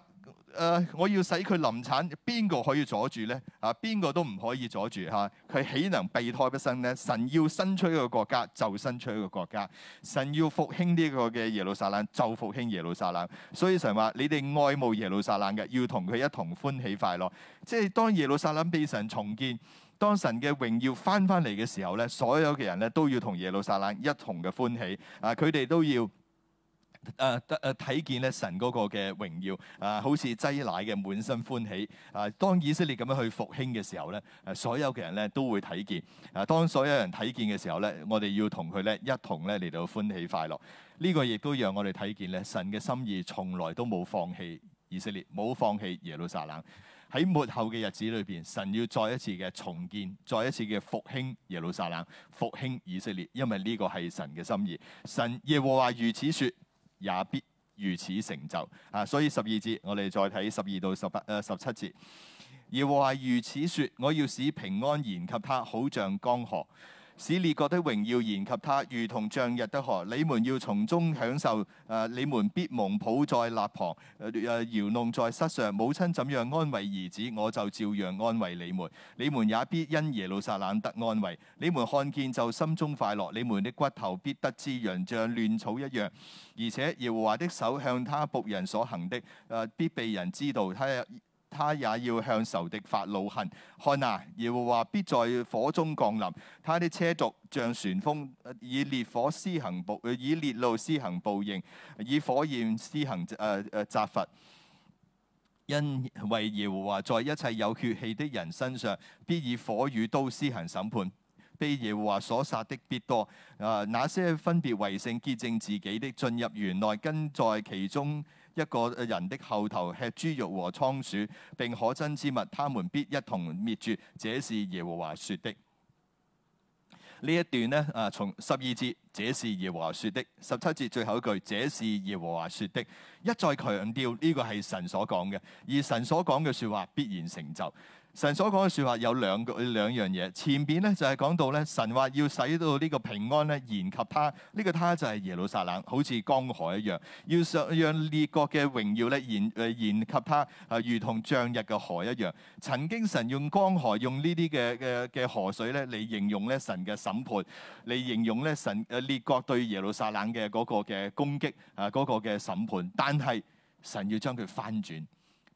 誒、呃，我要使佢臨產，邊個可以阻住咧？啊，邊個都唔可以阻住嚇。佢、啊、豈能閉胎不生咧？神要生出一個國家，就生出一個國家；神要復興呢個嘅耶路撒冷，就復興耶路撒冷。所以神話：你哋愛慕耶路撒冷嘅，要同佢一同歡喜快樂。即係當耶路撒冷被神重建，當神嘅榮耀翻翻嚟嘅時候咧，所有嘅人咧都要同耶路撒冷一同嘅歡喜。啊，佢哋都要。誒得誒睇見咧神嗰個嘅榮耀啊、呃，好似擠奶嘅滿身歡喜啊、呃！當以色列咁樣去復興嘅時候咧，所有嘅人咧都會睇見啊！當所有人睇見嘅時候咧，我哋要同佢咧一同咧嚟到歡喜快樂。呢個亦都讓我哋睇見咧神嘅心意從來都冇放棄以色列，冇放棄耶路撒冷。喺末後嘅日子裏邊，神要再一次嘅重建，再一次嘅復興耶路撒冷，復興以色列，因為呢個係神嘅心意。神耶和華如此説。也必如此成就。啊，所以十二節，我哋再睇十二到十八誒，呃、十七節。耶和華如此說，我要使平安延及他，好像江河。使列國的榮耀延及他，如同像日的河。你們要從中享受，你們必蒙抱在肋旁，誒搖弄在膝上。母親怎樣安慰兒子，我就照樣安慰你們。你們也必因耶路撒冷得安慰。你們看見就心中快樂。你們的骨頭必得滋養，像嫩草一樣。而且耶和華的手向他僕人所行的，必被人知道。他他也要向仇敵發怒恨，看吶！耶和華必在火中降臨，他的車軸像旋風以，以烈火施行報，以烈怒施行報應，以火焰施行誒誒責罰。因為耶和華在一切有血氣的人身上，必以火與刀施行審判，被耶和華所殺的必多。啊、呃，那些分別為聖潔淨自己的，進入園內跟在其中。一個人的後頭吃豬肉和倉鼠，並可憎之物，他們必一同滅絕。這是耶和華說的。呢一段呢啊，從十二節，這是耶和華說的；十七節最後一句，這是耶和華說的，一再強調呢個係神所講嘅，而神所講嘅說話必然成就。神所講嘅説話有兩個兩樣嘢，前邊咧就係、是、講到咧，神話要使到呢個平安咧延及他，呢、這個他就係耶路撒冷，好似江河一樣，要上讓列國嘅榮耀咧延誒延及他，啊如同漲溢嘅河一樣。曾經神用江河用呢啲嘅嘅嘅河水咧嚟形容咧神嘅審判，嚟形容咧神誒列國對耶路撒冷嘅嗰、那個嘅攻擊啊嗰個嘅審判，但係神要將佢翻轉。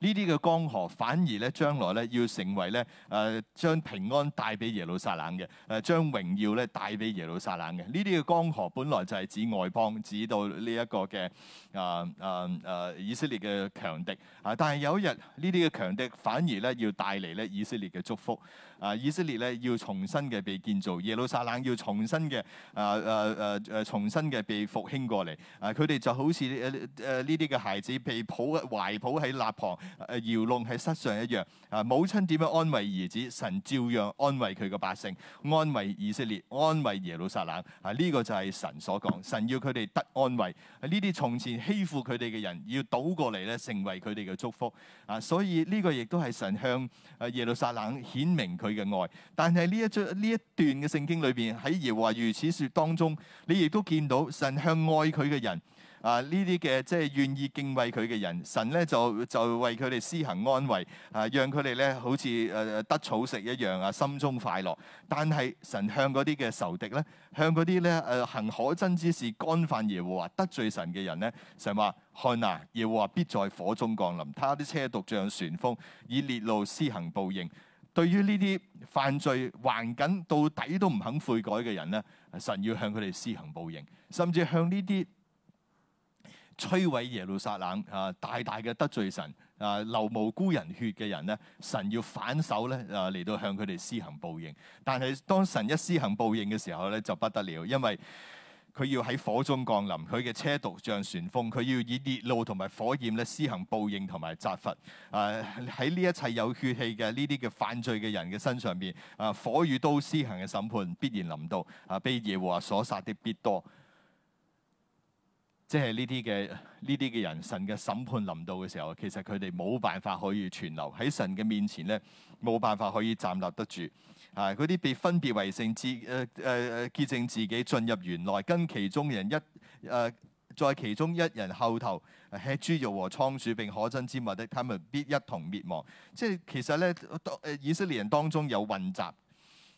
呢啲嘅江河反而咧，將來咧要成為咧，誒將平安帶俾耶路撒冷嘅，誒將榮耀咧帶俾耶路撒冷嘅。呢啲嘅江河本來就係指外邦，指到呢一個嘅，啊啊啊以色列嘅強敵啊！但係有一日，呢啲嘅強敵反而咧要帶嚟咧以色列嘅祝福。啊！以色列咧要重新嘅被建造，耶路撒冷要重新嘅啊啊啊啊重新嘅被復興過嚟。啊！佢、啊、哋、啊、就好似誒誒呢啲嘅孩子被抱懷抱喺肋旁，誒、啊、搖弄喺膝上一樣，啊！母親點樣安慰兒子？神照樣安慰佢嘅百姓，安慰以色列，安慰耶路撒冷。啊！呢、這個就係神所講，神要佢哋得安慰。呢啲從前欺負佢哋嘅人，要倒過嚟咧，成為佢哋嘅祝福。啊！所以呢個亦都係神向耶路撒冷顯明佢。佢嘅愛，但係呢一章呢一段嘅聖經裏邊喺耶和華如此說當中，你亦都見到神向愛佢嘅人啊，呢啲嘅即係願意敬畏佢嘅人，神咧就就為佢哋施行安慰啊，讓佢哋咧好似誒、呃、得草食一樣啊，心中快樂。但係神向嗰啲嘅仇敵咧，向嗰啲咧誒行可憎之事乾、干犯耶和華得罪神嘅人咧，神話看哪，耶和華必在火中降臨，他的車獨像旋風，以烈怒施行報應。對於呢啲犯罪頑梗到底都唔肯悔改嘅人咧，神要向佢哋施行報應，甚至向呢啲摧毀耶路撒冷啊、大大嘅得罪神啊、流無辜人血嘅人咧，神要反手咧啊嚟到向佢哋施行報應。但係當神一施行報應嘅時候咧，就不得了，因為。佢要喺火中降臨，佢嘅車毒像旋風，佢要以烈怒同埋火焰咧施行報應同埋責罰。誒喺呢一切有血氣嘅呢啲嘅犯罪嘅人嘅身上邊，誒、啊、火與刀施行嘅審判必然臨到。啊，被耶和華所殺的必多。即係呢啲嘅呢啲嘅人，神嘅審判臨到嘅時候，其實佢哋冇辦法可以存留喺神嘅面前咧，冇辦法可以站立得住。啊！嗰啲被分別為聖自誒誒潔淨自己進入園內，跟其中人一誒，在、呃、其中一人後頭、啊、吃豬肉和倉鼠並可憎之物的，他們必一同滅亡。即係其實咧，當、啊、以色列人當中有混雜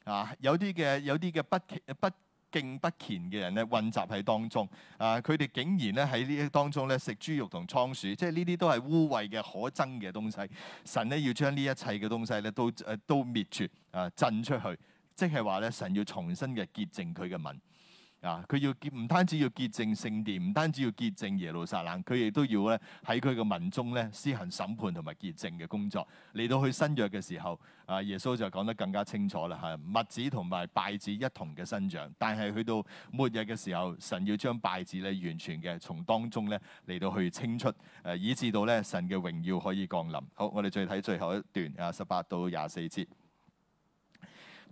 啊，有啲嘅有啲嘅不不。啊不敬不虔嘅人咧混雜喺當中啊，佢、呃、哋竟然咧喺呢啲當中咧食豬肉同倉鼠，即係呢啲都係污穢嘅可憎嘅東西。神咧要將呢一切嘅東西咧都誒、呃、都滅絕啊、呃，震出去，即係話咧神要重新嘅潔淨佢嘅民。啊！佢要潔，唔單止要潔淨聖殿，唔單止要潔淨耶路撒冷，佢亦都要咧喺佢嘅民中咧施行審判同埋潔淨嘅工作。嚟到去新約嘅時候，啊耶穌就講得更加清楚啦嚇，麥子同埋稗子一同嘅生長，但係去到末日嘅時候，神要將稗子咧完全嘅從當中咧嚟到去清出，誒、啊、以至到咧神嘅榮耀可以降臨。好，我哋再睇最後一段，啊，十八到廿四節。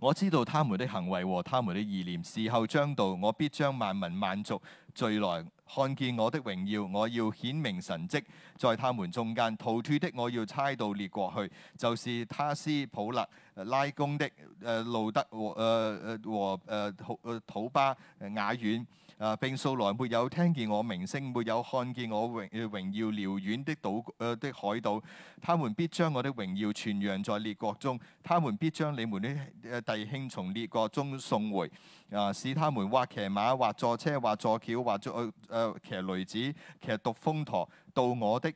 我知道他們的行為和他們的意念，時候將到，我必將萬民萬族聚來。看見我的榮耀。我要顯明神蹟。在他們中間，逃脫的我要差到列國去，就是他施普勒、拉弓的、誒、呃、路德和誒誒、呃、和誒土誒土巴、雅、呃、完。啊！並素來沒有聽見我名聲，沒有看見我榮，榮耀遼遠的島，誒、呃、的海島。他們必將我的榮耀傳揚在列國中，他們必將你們啲弟兄從列國中送回，啊、呃！使他們或騎馬，或坐車，或坐轎，或坐誒騎驢子，騎獨峰駝到我的，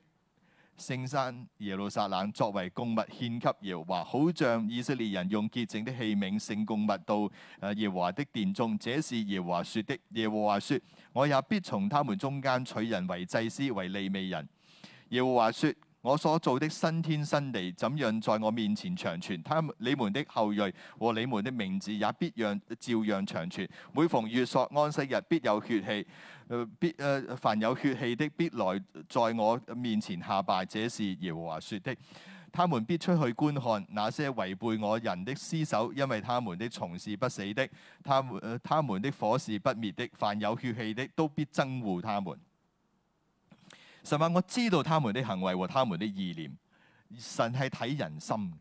聖山耶路撒冷作為貢物獻給耶和華，好像以色列人用潔淨的器皿獻貢物到耶和華的殿中。這是耶和華說的。耶和華說：我也必從他們中間取人為祭司，為利未人。耶和華說。我所造的新天新地，怎樣在我面前長存？他們，你們的後裔和你們的名字也必樣照樣長存。每逢月朔安息日，必有血氣，呃、必誒、呃、凡有血氣的，必來在我面前下拜。這是耶和華說的。他們必出去觀看那些違背我人的屍首，因為他們的蟲是不死的，他們、呃、他們的火是不滅的。凡有血氣的都必憎惡他們。神話我知道他們的行為和他們的意念。神係睇人心，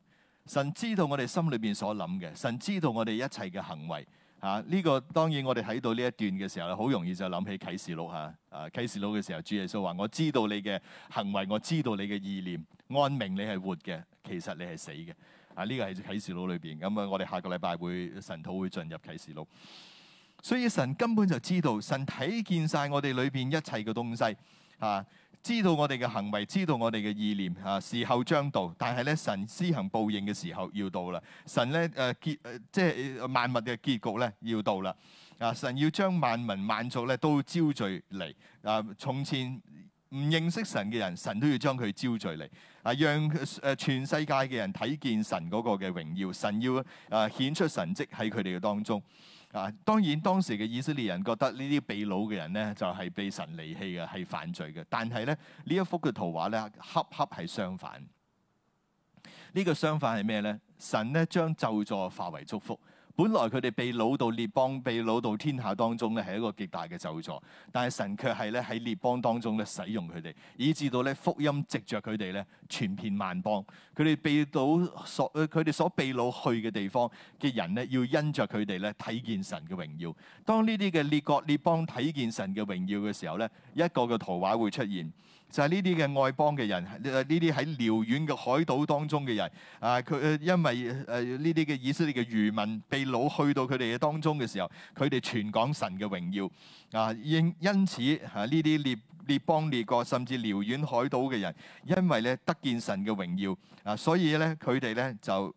神知道我哋心裏邊所諗嘅，神知道我哋一切嘅行為吓。呢、啊這個當然我哋睇到呢一段嘅時候，好容易就諗起啟示錄吓。誒、啊，啟示錄嘅時候，主耶穌話：我知道你嘅行為，我知道你嘅意念，按名你係活嘅，其實你係死嘅。啊，呢、這個係啟示錄裏邊咁啊。我哋下個禮拜會神土會進入啟示錄，所以神根本就知道，神睇見晒我哋裏邊一切嘅東西啊。知道我哋嘅行為，知道我哋嘅意念，啊，事後將到，但係咧神施行報應嘅時候要到啦。神咧誒、啊、結，呃、即係萬物嘅結局咧要到啦。啊，神要將萬民萬族咧都招聚嚟。啊，從前唔認識神嘅人，神都要將佢招聚嚟。啊，讓誒全世界嘅人睇見神嗰個嘅榮耀，神要啊顯出神蹟喺佢哋嘅當中。啊，當然當時嘅以色列人覺得呢啲被擄嘅人咧，就係、是、被神離棄嘅，係犯罪嘅。但係咧，呢一幅嘅圖畫咧，恰恰係相反。呢、這個相反係咩咧？神咧將咒詛化為祝福。本來佢哋被擄到列邦，被擄到天下當中咧，係一個極大嘅咒詛。但係神卻係咧喺列邦當中咧使用佢哋，以至到咧福音藉着佢哋咧傳遍萬邦。佢哋被擄所佢哋所被擄去嘅地方嘅人咧，要因着佢哋咧睇見神嘅榮耀。當呢啲嘅列國列邦睇見神嘅榮耀嘅時候咧，一個嘅圖畫會出現。就係呢啲嘅外邦嘅人，呢啲喺遼遠嘅海島當中嘅人，啊佢因為誒呢啲嘅以色列嘅漁民被擄去到佢哋嘅當中嘅時候，佢哋全講神嘅榮耀啊，因因此嚇呢啲列列邦列國甚至遼遠海島嘅人，因為咧得見神嘅榮耀啊，所以咧佢哋咧就，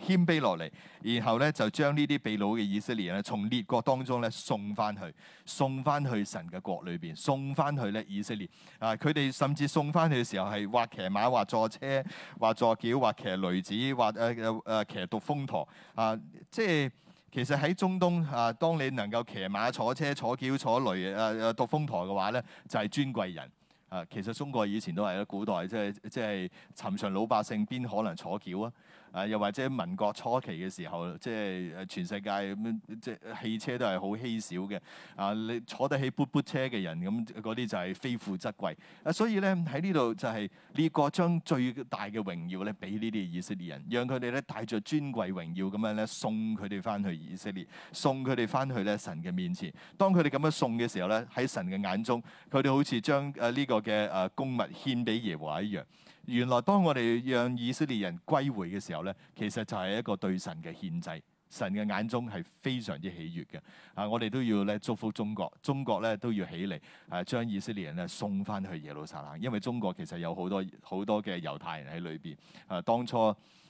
謙卑落嚟，然後咧就將呢啲被擄嘅以色列人咧，從列國當中咧送翻去，送翻去神嘅國裏邊，送翻去咧以色列。啊，佢哋甚至送翻去嘅時候係劃騎馬、劃坐車、劃坐轎、劃騎驢子、劃誒誒誒騎獨風駝。啊，即係其實喺中東啊，當你能夠騎馬、坐車、坐轎、坐驢誒誒獨風駝嘅話咧，就係尊貴人。啊，其實中國以前都係喺古代，即係即係尋常老百姓邊可能坐轎啊？啊，又或者民國初期嘅時候，即係全世界咁樣，即係汽車都係好稀少嘅。啊，你坐得起嘟嘟車嘅人，咁嗰啲就係非富則貴。啊，所以咧喺呢度就係列國將最大嘅榮耀咧，俾呢啲以色列人，讓佢哋咧帶着尊貴榮耀咁樣咧送佢哋翻去以色列，送佢哋翻去咧神嘅面前。當佢哋咁樣送嘅時候咧，喺神嘅眼中，佢哋好似將誒呢個嘅誒供物獻俾耶和華一樣。原來當我哋讓以色列人歸回嘅時候咧，其實就係一個對神嘅獻祭，神嘅眼中係非常之喜悅嘅。啊，我哋都要咧祝福中國，中國咧都要起嚟，誒、啊、將以色列人咧送翻去耶路撒冷，因為中國其實有好多好多嘅猶太人喺裏邊。誒、啊，當初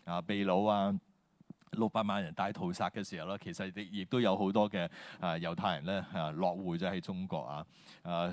啊，秘魯啊。六百萬人大屠殺嘅時候啦，其實亦亦都有好多嘅啊、呃、猶太人咧啊落戶咗喺中國啊。啊誒、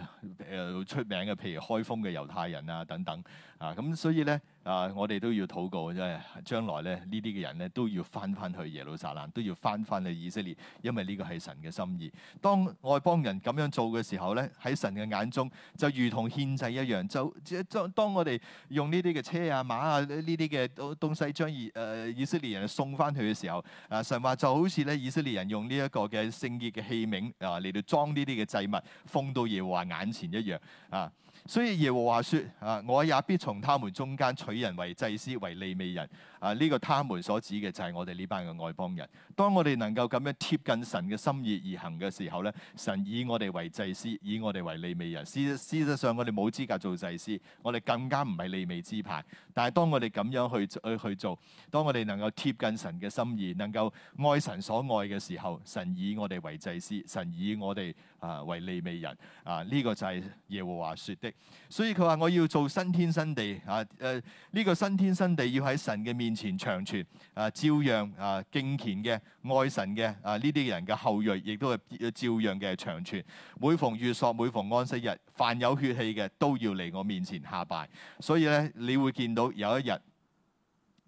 呃、出名嘅譬如開封嘅猶太人啊，等等啊，咁所以咧。啊！我哋都要禱告，真係將來咧，呢啲嘅人咧都要翻翻去耶路撒冷，都要翻翻去以色列，因為呢個係神嘅心意。當外邦人咁樣做嘅時候咧，喺神嘅眼中就如同獻祭一樣。就即係當我哋用呢啲嘅車啊、馬啊呢啲嘅東西將以誒以色列人送翻去嘅時候，啊神話就好似咧以色列人用呢一個嘅聖潔嘅器皿啊嚟到裝呢啲嘅祭物，奉到耶和華眼前一樣啊！所以耶和華說：啊，我也必從他們中間取人為祭司，為利未人。啊！呢、這個他們所指嘅就係我哋呢班嘅外邦人。當我哋能夠咁樣貼近神嘅心意而行嘅時候咧，神以我哋為祭司，以我哋為利未人。事事實上我哋冇資格做祭司，我哋更加唔係利未支派。但係當我哋咁樣去去去做，當我哋能夠貼近神嘅心意，能夠愛神所愛嘅時候，神以我哋為祭司，神以我哋啊為利未人。啊！呢、這個就係耶和華說的。所以佢話我要做新天新地啊！誒，呢個新天新地要喺神嘅面。面前長存啊，照樣啊敬虔、嘅愛神嘅啊呢啲人嘅後裔，亦都係照樣嘅長存。每逢月朔，每逢安息日，凡有血氣嘅都要嚟我面前下拜。所以咧，你會見到有一日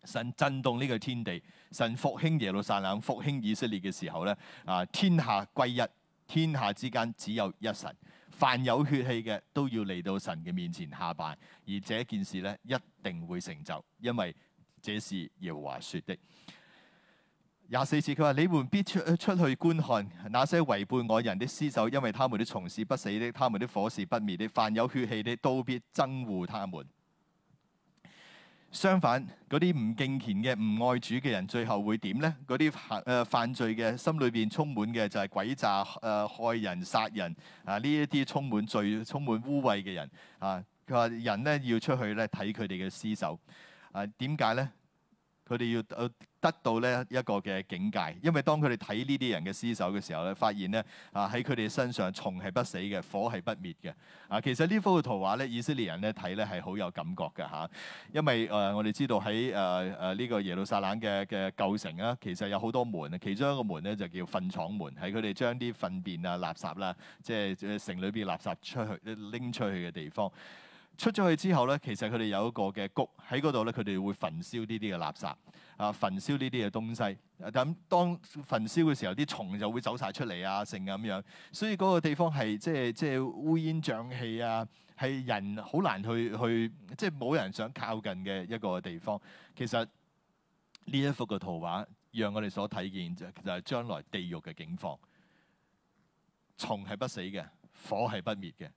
神震動呢個天地，神復興耶路撒冷，復興以色列嘅時候咧啊，天下歸一，天下之間只有一神，凡有血氣嘅都要嚟到神嘅面前下拜。而這件事咧一定會成就，因為。這是姚華說的廿四節。佢話： 你們必出出去觀看那些違背我人的屍首，因為他們的蟲是不死的，他們的火是不滅的。凡有血氣的都必憎惡他們。相反，嗰啲唔敬虔嘅、唔愛主嘅人，最後會點呢？嗰啲誒犯罪嘅心裏邊充滿嘅就係詭詐誒、呃、害人殺人啊！呢一啲充滿罪、充滿污穢嘅人啊，佢話人呢，要出去咧睇佢哋嘅屍首。啊，點解咧？佢哋要得得到咧一個嘅警戒，因為當佢哋睇呢啲人嘅屍首嘅時候咧，發現咧啊喺佢哋身上蟲係不死嘅，火係不滅嘅。啊，其實呢幅嘅圖畫咧，以色列人咧睇咧係好有感覺嘅嚇、啊，因為誒、呃、我哋知道喺誒誒呢個耶路撒冷嘅嘅舊城啊，其實有好多門，其中一個門咧就叫糞廠門，係佢哋將啲糞便啊、垃圾啦、啊，即係城裏邊垃圾出去拎出去嘅地方。出咗去之後咧，其實佢哋有一個嘅谷喺嗰度咧，佢哋會焚燒呢啲嘅垃圾啊，焚燒呢啲嘅東西。咁、啊、當焚燒嘅時候，啲蟲就會走晒出嚟啊，成啊咁樣。所以嗰個地方係即係即係烏煙瘴氣啊，係人好難去去，即係冇人想靠近嘅一個地方。其實呢一幅嘅圖畫，讓我哋所睇見就係將來地獄嘅境況。蟲係不死嘅，火係不滅嘅。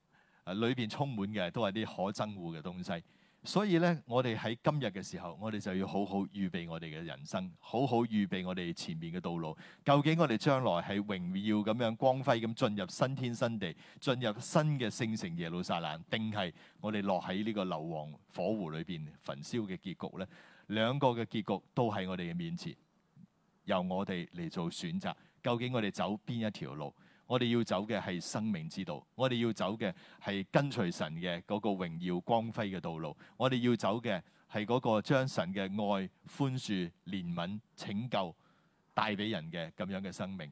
裏邊充滿嘅都係啲可憎惡嘅東西，所以咧，我哋喺今日嘅時候，我哋就要好好預備我哋嘅人生，好好預備我哋前面嘅道路。究竟我哋將來係榮耀咁樣光輝咁進入新天新地，進入新嘅聖城耶路撒冷，定係我哋落喺呢個硫磺火湖裏邊焚燒嘅結局呢？兩個嘅結局都喺我哋嘅面前，由我哋嚟做選擇。究竟我哋走邊一條路？我哋要走嘅係生命之道，我哋要走嘅係跟隨神嘅嗰個榮耀光輝嘅道路，我哋要走嘅係嗰個將神嘅愛、寬恕、憐憫、拯救帶俾人嘅咁樣嘅生命。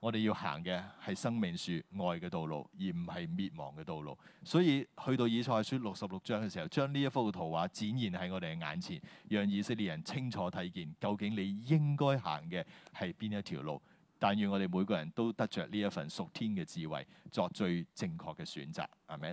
我哋要行嘅係生命樹愛嘅道路，而唔係滅亡嘅道路。所以去到以賽書六十六章嘅時候，將呢一幅圖畫展現喺我哋嘅眼前，讓以色列人清楚睇見究竟你應該行嘅係邊一條路。但願我哋每個人都得著呢一份屬天嘅智慧，作最正確嘅選擇。阿們。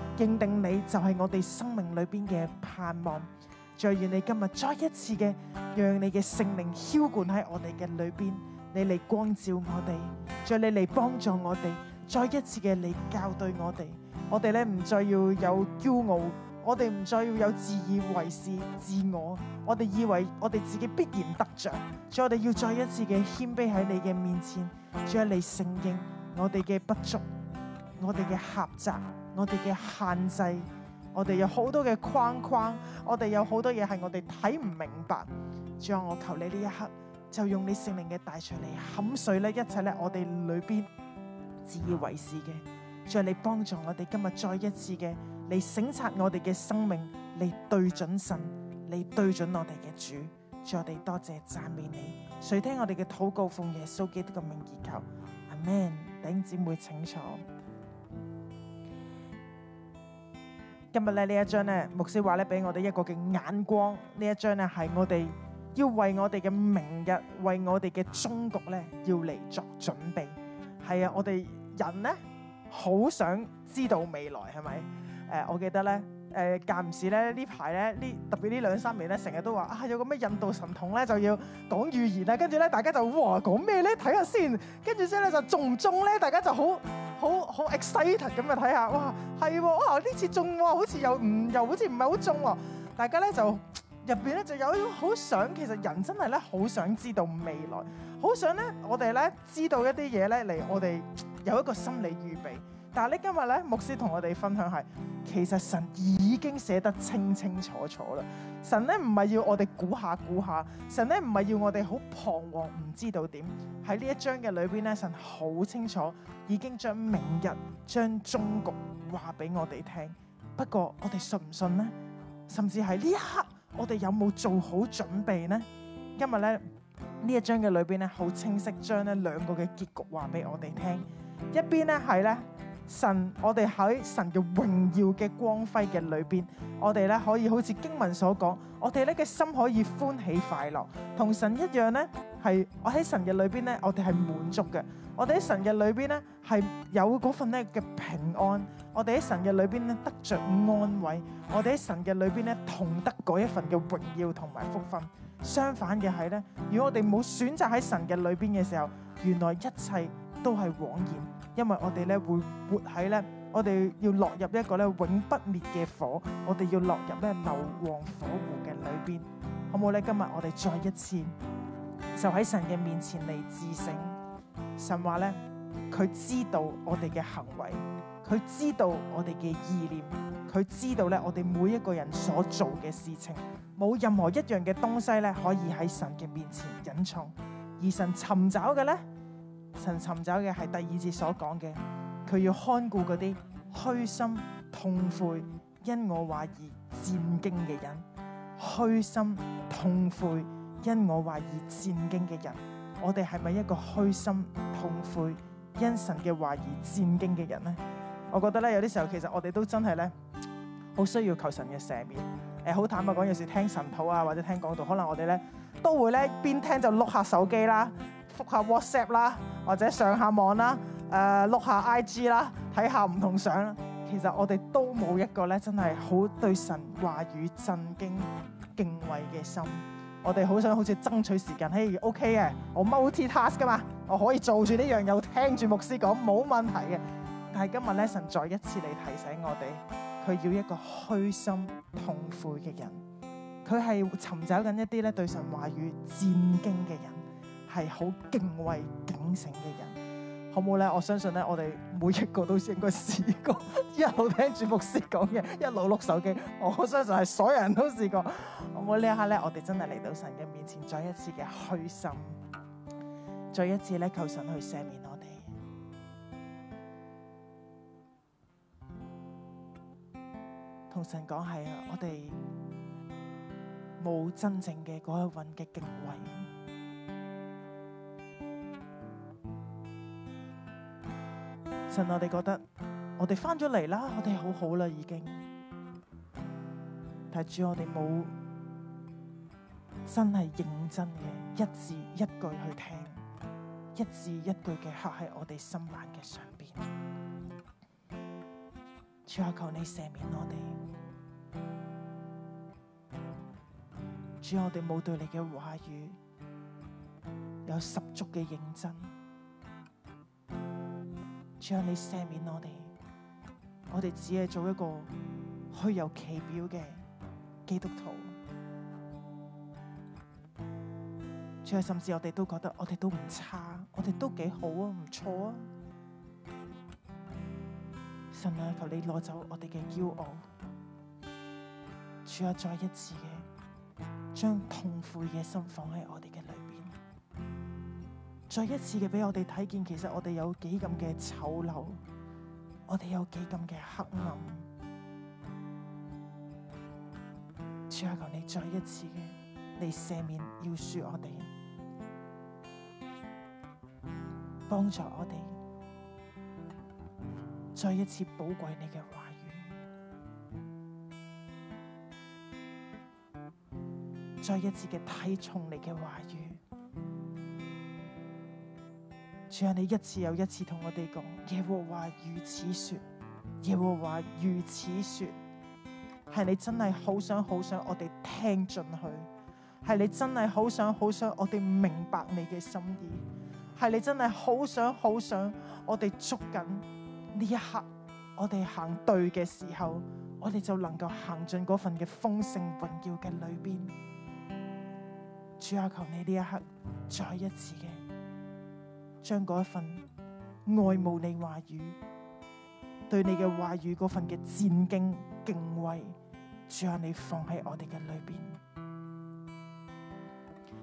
認定你就係我哋生命裏邊嘅盼望，再願你今日再一次嘅，讓你嘅聖靈澆灌喺我哋嘅裏邊，你嚟光照我哋，再你嚟幫助我哋，再一次嘅嚟教對我哋，我哋咧唔再要有驕傲，我哋唔再要有自以為是、自我，我哋以為我哋自己必然得着，再我哋要再一次嘅謙卑喺你嘅面前，再嚟承認我哋嘅不足，我哋嘅狹窄。我哋嘅限制，我哋有好多嘅框框，我哋有好多嘢係我哋睇唔明白。主啊，我求你呢一刻就用你聖靈嘅大錘嚟砍碎呢一切咧我哋裏邊自以為是嘅。主啊，你幫助我哋今日再一次嘅嚟省察我哋嘅生命，嚟對準神，嚟對準我哋嘅主。主啊，我哋多謝讚美你。誰聽我哋嘅禱告，奉耶穌基督嘅名祈求，阿門。弟兄姊妹請坐。今日咧呢這一章咧牧師話咧俾我哋一個嘅眼光，這一章呢一章咧係我哋要為我哋嘅明日、為我哋嘅終局呢要嚟作準備。係啊，我哋人呢好想知道未來係咪？誒、呃，我記得呢。誒間唔時咧，呢排咧，呢特別呢兩三年咧，成日都話啊，有個咩印度神童咧就要講預言啦，跟住咧大家就哇講咩咧？睇下先，跟住之後咧就中唔中咧？大家就好好好 excited 咁啊睇下，哇係喎，哇呢次中喎，好似又唔又好似唔係好中喎。大家咧就入邊咧就有好想，其實人真係咧好想知道未來，好想咧我哋咧知道一啲嘢咧嚟，我哋有一個心理預備。但係呢？今日咧，牧師同我哋分享係，其實神已經寫得清清楚楚啦。神咧唔係要我哋估下估下，神咧唔係要我哋好彷徨，唔知道點。喺呢一章嘅裏邊咧，神好清楚已經將明日將終局話俾我哋聽。不過我哋信唔信呢？甚至係呢一刻，我哋有冇做好準備呢？今日咧呢一章嘅裏邊咧，好清晰將呢兩個嘅結局話俾我哋聽。一邊咧係咧。神，我哋喺神嘅榮耀嘅光輝嘅裏邊，我哋咧可以好似經文所講，我哋咧嘅心可以歡喜快樂，同神一樣咧，係我喺神嘅裏邊咧，我哋係滿足嘅，我哋喺神嘅裏邊咧係有嗰份咧嘅平安，我哋喺神嘅裏邊咧得着安慰，我哋喺神嘅裏邊咧同得嗰一份嘅榮耀同埋福分。相反嘅係咧，如果我哋冇選擇喺神嘅裏邊嘅時候，原來一切都係枉然。因為我哋咧會活喺咧，我哋要落入一個咧永不滅嘅火，我哋要落入咧硫磺火湖嘅裏邊，好冇咧？今日我哋再一次就喺神嘅面前嚟自省。神話咧，佢知道我哋嘅行為，佢知道我哋嘅意念，佢知道咧我哋每一個人所做嘅事情，冇任何一樣嘅東西咧可以喺神嘅面前隱藏，而神尋找嘅咧。神尋找嘅係第二節所講嘅，佢要看顧嗰啲虛心痛悔因我話而戰兢嘅人，虛心痛悔因我話而戰兢嘅人。我哋係咪一個虛心痛悔因神嘅話而戰兢嘅人呢？我覺得咧，有啲時候其實我哋都真係咧，好需要求神嘅赦免。誒，好坦白講，有時聽神禱啊，或者聽講道，可能我哋咧都會咧邊聽就碌下手機啦。覆下 WhatsApp 啦，或者上下網啦，誒、呃、碌下 IG 啦，睇下唔同相。其實我哋都冇一個咧，真係好對神話語震驚敬畏嘅心。我哋好想好似爭取時間，嘿，OK 嘅，我 multi task 噶嘛，我可以做住呢樣又聽住牧師講，冇問題嘅。但係今日咧，神再一次嚟提醒我哋，佢要一個虛心痛悔嘅人，佢係尋找緊一啲咧對神話語戰兢嘅人。係好敬畏、警醒嘅人，好唔好咧？我相信咧，我哋每一個都是應該試過， 一路聽住牧師講嘅，一路碌手機。我相信係所有人都試過，好唔好？呢 一刻咧，我哋真係嚟到神嘅面前，再一次嘅虛心，再一次咧求神去赦免我哋，同神講係我哋冇真正嘅嗰一份嘅敬畏。神，我哋覺得我哋返咗嚟啦，我哋好好啦，已經。但主，我哋冇真係認真嘅一字一句去聽，一字一句嘅刻喺我哋心眼嘅上邊。主啊，求你赦免我哋。主，我哋冇對你嘅話語有十足嘅認真。將你赦免我哋，我哋只係做一個虛有其表嘅基督徒，最後甚至我哋都覺得我哋都唔差，我哋都幾好啊，唔錯啊！神啊，求你攞走我哋嘅驕傲，主啊，再一次嘅將痛悔嘅心放喺我哋。再一次嘅俾我哋睇見，其實我哋有幾咁嘅醜陋，我哋有幾咁嘅黑暗。主啊，求你再一次嘅，你赦免，要恕我哋，幫助我哋，再一次寶貴你嘅話語，再一次嘅睇重你嘅話語。讓你一次又一次同我哋講，耶和華如此說，耶和華如此說，係你真係好想好想我哋聽進去，係你真係好想好想我哋明白你嘅心意，係你真係好想好想我哋捉緊呢一刻，我哋行對嘅時候，我哋就能夠行進嗰份嘅豐盛榮耀嘅裏邊。主啊，求你呢一刻再一次嘅。將嗰一份愛慕你話語，對你嘅話語嗰份嘅戰兢敬畏，將你放喺我哋嘅裏邊。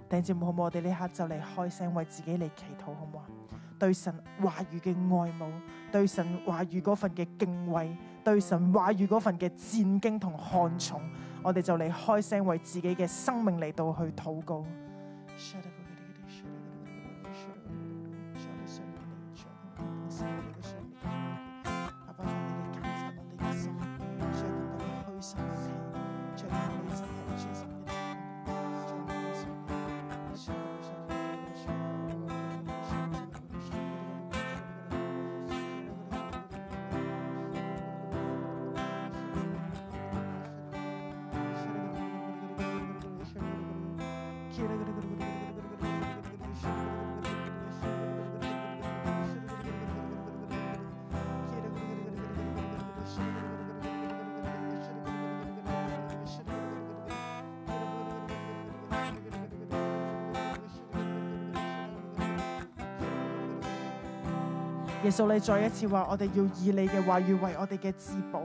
弟兄姊妹，好唔好？我哋呢刻就嚟開聲為自己嚟祈禱，好唔好啊？對神話語嘅愛慕，對神話語嗰份嘅敬畏，對神話語嗰份嘅戰兢同看重，我哋就嚟開聲為自己嘅生命嚟到去禱告。耶穌，你再一次話，我哋要以你嘅話語為我哋嘅至寶。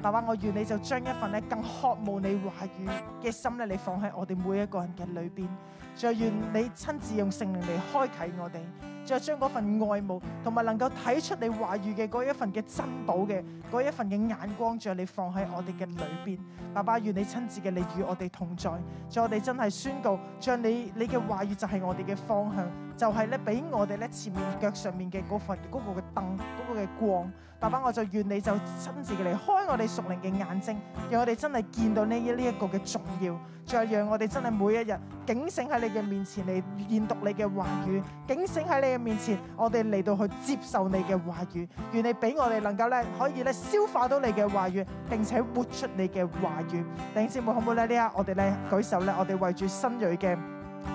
爸爸，我願你就將一份咧更渴慕你話語嘅心咧，你放喺我哋每一個人嘅裏邊。再願你親自用聖靈嚟開啟我哋。就將嗰份愛慕，同埋能夠睇出你話語嘅嗰一份嘅珍寶嘅嗰一份嘅眼光，將你放喺我哋嘅裏邊。爸爸，願你親自嘅你與我哋同在，將我哋真係宣告，將你你嘅話語就係我哋嘅方向，就係咧俾我哋咧前面腳上面嘅嗰份嗰個嘅燈，嗰個嘅光。爸爸，我就願你就親自嘅嚟開我哋屬靈嘅眼睛，讓我哋真係見到呢呢一個嘅重要。再讓我哋真係每一日警醒喺你嘅面前嚟研讀你嘅話語，警醒喺你嘅面前，我哋嚟到去接受你嘅話語。願你俾我哋能夠咧可以咧消化到你嘅話語，並且活出你嘅話語。弟兄姊妹，好唔好咧？呢下我哋咧舉手咧，我哋圍住新蕊嘅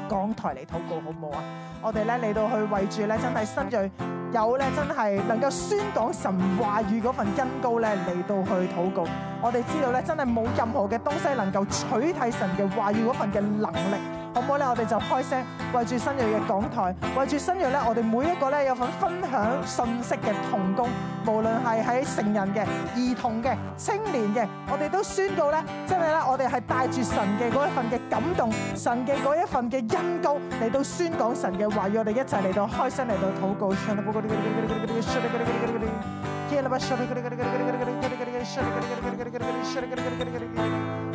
講台嚟禱告，好唔好啊？我哋咧嚟到去圍住咧真係新蕊。有咧，真係能夠宣講神話語嗰份恩膏咧，嚟到去禱告。我哋知道咧，真係冇任何嘅東西能夠取替神嘅話語嗰份嘅能力。好唔好咧？我哋就開聲，為住新約嘅講台，為住新約咧，我哋每一個咧有份分享信息嘅同工，無論係喺成人嘅、兒童嘅、青年嘅，我哋都宣告咧，即係咧，我哋係帶住神嘅嗰一份嘅感動，神嘅嗰一份嘅恩膏嚟到宣講神嘅話語，我哋一齊嚟到開聲嚟到禱告，耶！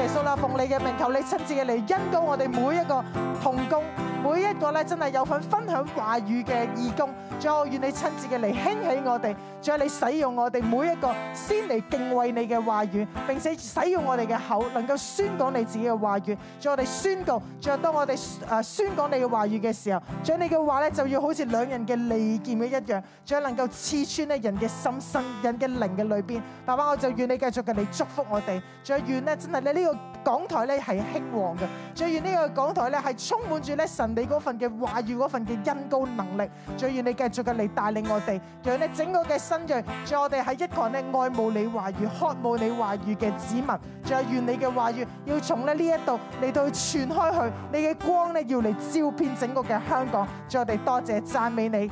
耶穌啦，奉你嘅名，求你親自嘅嚟恩膏我哋每一個同工，每一個咧真係有份分享話語嘅義工。再我願你親自嘅嚟興起我哋，再你使用我哋每一個先嚟敬畏你嘅話語，並且使用我哋嘅口能夠宣講你自己嘅話語。再我哋宣告，再當我哋誒宣講你嘅話語嘅時候，再你嘅話咧就要好似兩人嘅利劍一樣，再能夠刺穿咧人嘅心身、人嘅靈嘅裏邊。爸爸，我就願你繼續嘅嚟祝福我哋，再願咧真係咧呢。呢個講台咧係興旺嘅，最願呢個講台咧係充滿住咧神你嗰份嘅話語嗰份嘅恩膏能力，最願你繼續嘅嚟帶領我哋，讓你整個嘅新蕊，讓我哋喺一個咧愛慕你話語、渴慕你話語嘅子民，仲有願你嘅話語要從咧呢一度嚟到傳開去，你嘅光咧要嚟照遍整個嘅香港，讓我哋多謝，謝讚美你。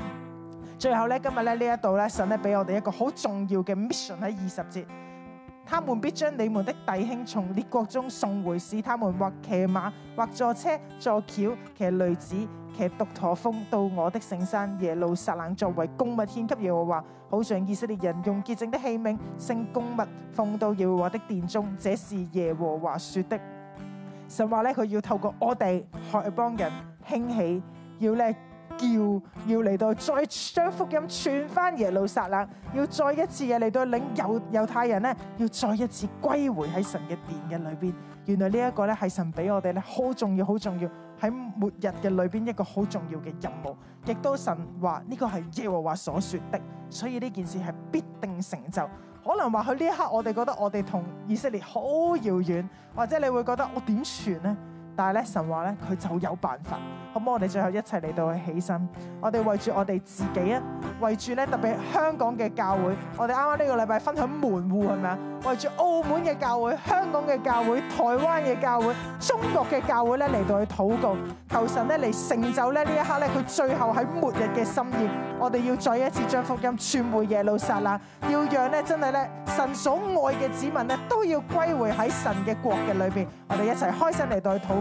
最後咧，今日咧呢一度咧，神咧俾我哋一個好重要嘅 mission 喺二十節。他們必將你們的弟兄從列國中送回，使他們或騎馬，或坐車，坐轎，騎驢子，騎獨駝峰到我的聖山耶路撒冷，作為供物獻給耶和華，好像以色列人用潔淨的器皿盛供物奉到耶和華的殿中。這是耶和華說的。神話呢，佢要透過我哋去幫人興起，要咧。叫要嚟到再將福音傳翻耶路撒冷，要再一次嘅嚟到領猶猶太人咧，要再一次歸回喺神嘅殿嘅裏邊。原來呢一個咧係神俾我哋咧好重要、好重要喺末日嘅裏邊一個好重要嘅任務。亦都神話呢個係耶和華所說的，所以呢件事係必定成就。可能話佢呢一刻我哋覺得我哋同以色列好遙遠，或者你會覺得我點傳呢？但係咧，神話咧，佢就有辦法。好冇？我哋最後一齊嚟到去起身。我哋為住我哋自己啊，為住咧特別香港嘅教會，我哋啱啱呢個禮拜分享門戶係咪啊？為住澳門嘅教會、香港嘅教會、台灣嘅教會、中國嘅教會咧嚟到去禱告，求神咧嚟成就咧呢一刻咧佢最後喺末日嘅心意。我哋要再一次將福音傳回耶路撒冷，要讓咧真係咧神所愛嘅子民咧都要歸回喺神嘅國嘅裏邊。我哋一齊開心嚟到去禱。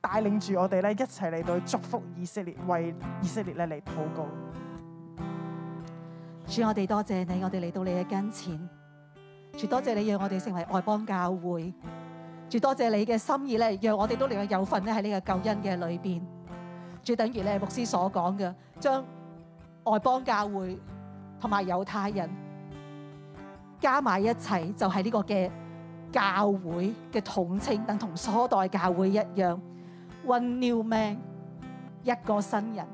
帶領住我哋咧，一齊嚟到祝福以色列，為以色列咧嚟禱告。主，我哋多謝你，我哋嚟到你嘅跟前。主，多謝你讓我哋成為外邦教會。主，多謝你嘅心意咧，讓我哋都嚟到有份咧喺呢個救恩嘅裏邊。主，等於咧牧師所講嘅，將外邦教會同埋猶太人加埋一齊，就係、是、呢個嘅教會嘅統稱，等同初代教會一樣。One new man，一個新人，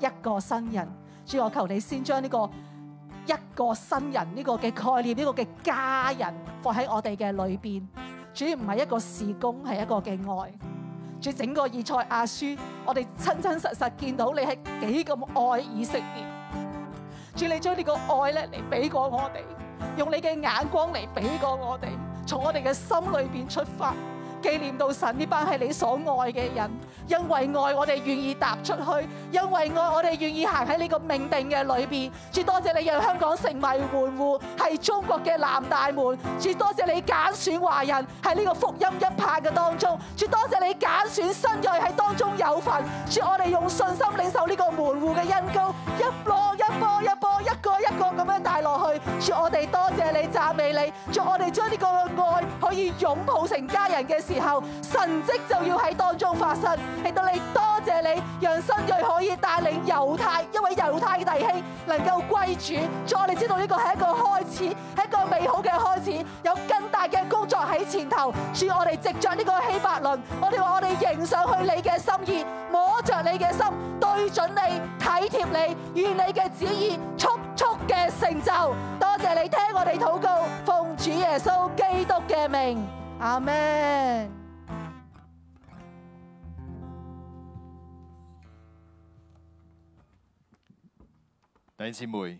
一個新人。主，我求你先將呢個一個新人呢個嘅概念，呢個嘅家人放喺我哋嘅裏邊。主，唔係一個事工，係一個嘅愛。主，整個以賽亞書，我哋真真實實見到你係幾咁愛以色列。主，你將呢個愛咧嚟俾過我哋，用你嘅眼光嚟俾過我哋，從我哋嘅心裏邊出發。紀念到神呢班係你所愛嘅人，因為愛我哋願意踏出去，因為愛我哋願意行喺呢個命定嘅裏邊。主多謝你讓香港成為門戶，係中國嘅南大門。主多謝你揀選華人喺呢個福音一派嘅當中。主多謝你揀選新約喺當中有份。主我哋用信心領受呢個門戶嘅恩膏，一波一波一波一。咁樣帶落去，祝我哋多謝你讚美你。祝我哋將呢個愛可以擁抱成家人嘅時候，神跡就要喺當中發生。嚟到你多謝你，讓新瑞可以帶領猶太，因為猶太嘅弟兄能夠歸主。祝我哋知道呢個係一個開始，係一個美好嘅開始，有更大嘅工作喺前頭。祝我哋藉著呢個希伯倫，我哋話我哋迎上去你嘅心意，摸著你嘅心，對準你體貼你，願你嘅旨意促速嘅成就，多謝你聽我哋禱告，奉主耶穌基督嘅名，阿門。弟兄姊妹，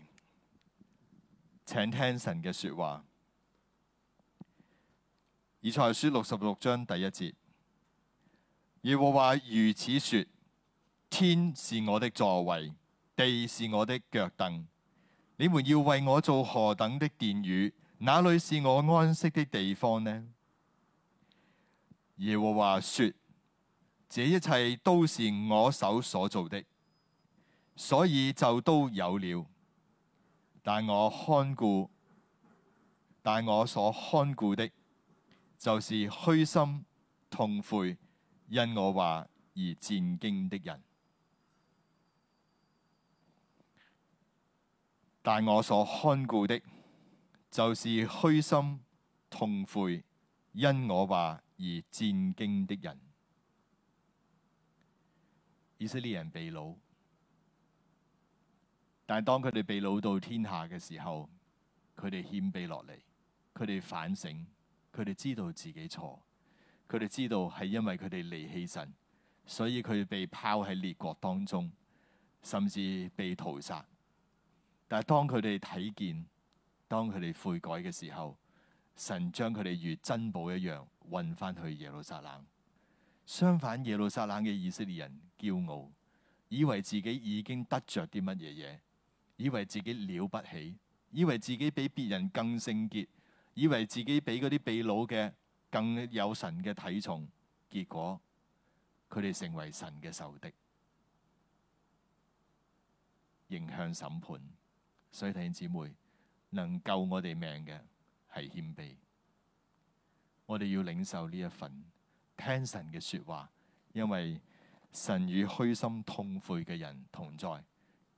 請聽神嘅說話，《以賽亞書六十六章第一節》我話：耶和華如此說，天是我的座位，地是我的腳凳。你們要為我做何等的殿宇？哪裏是我安息的地方呢？耶和華說：這一切都是我手所做的，所以就都有了。但我看顧，但我所看顧的，就是虛心痛悔因我話而戰驚的人。但我所看顧的，就是虛心痛悔因我話而戰兢的人。以色列人被擄，但係當佢哋被擄到天下嘅時候，佢哋謙卑落嚟，佢哋反省，佢哋知道自己錯，佢哋知道係因為佢哋離棄神，所以佢哋被拋喺列國當中，甚至被屠殺。但係當佢哋睇見，當佢哋悔改嘅時候，神將佢哋如珍寶一樣運翻去耶路撒冷。相反，耶路撒冷嘅以色列人驕傲，以為自己已經得着啲乜嘢嘢，以為自己了不起，以為自己比別人更聖潔，以為自己比嗰啲被擄嘅更有神嘅體重。結果，佢哋成為神嘅仇敵，迎向審判。所以弟兄姊妹，能救我哋命嘅係謙卑。我哋要領受呢一份聽神嘅說話，因為神與虛心痛悔嘅人同在，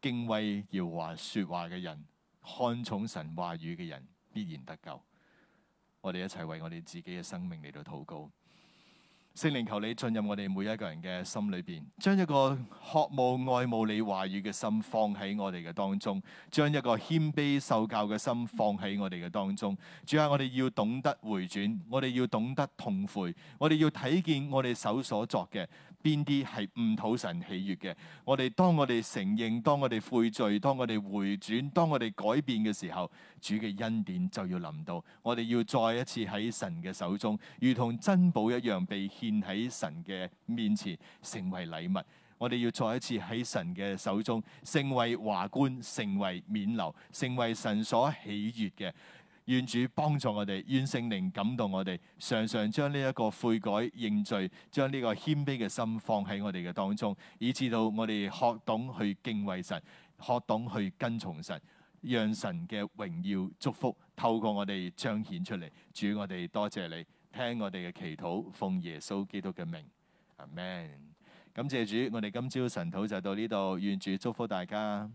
敬畏要話說話嘅人，看重神話語嘅人，必然得救。我哋一齊為我哋自己嘅生命嚟到禱告。聖靈，求你進入我哋每一個人嘅心裏邊，將一個渴慕愛慕你話語嘅心放喺我哋嘅當中，將一個謙卑受教嘅心放喺我哋嘅當中。主啊，我哋要懂得回轉，我哋要懂得痛悔，我哋要睇見我哋手所作嘅。邊啲係唔討神喜悦嘅？我哋當我哋承認，當我哋悔罪，當我哋回轉，當我哋改變嘅時候，主嘅恩典就要臨到。我哋要再一次喺神嘅手中，如同珍寶一樣被獻喺神嘅面前，成為禮物。我哋要再一次喺神嘅手中，成為華冠，成為冕旒，成為神所喜悦嘅。願主幫助我哋，願聖靈感動我哋，常常將呢一個悔改認罪，將呢個謙卑嘅心放喺我哋嘅當中，以至到我哋學懂去敬畏神，學懂去跟從神，讓神嘅榮耀祝福透過我哋彰顯出嚟。主，我哋多謝你，聽我哋嘅祈禱，奉耶穌基督嘅名，阿們，感謝主，我哋今朝神討就到呢度，願主祝福大家。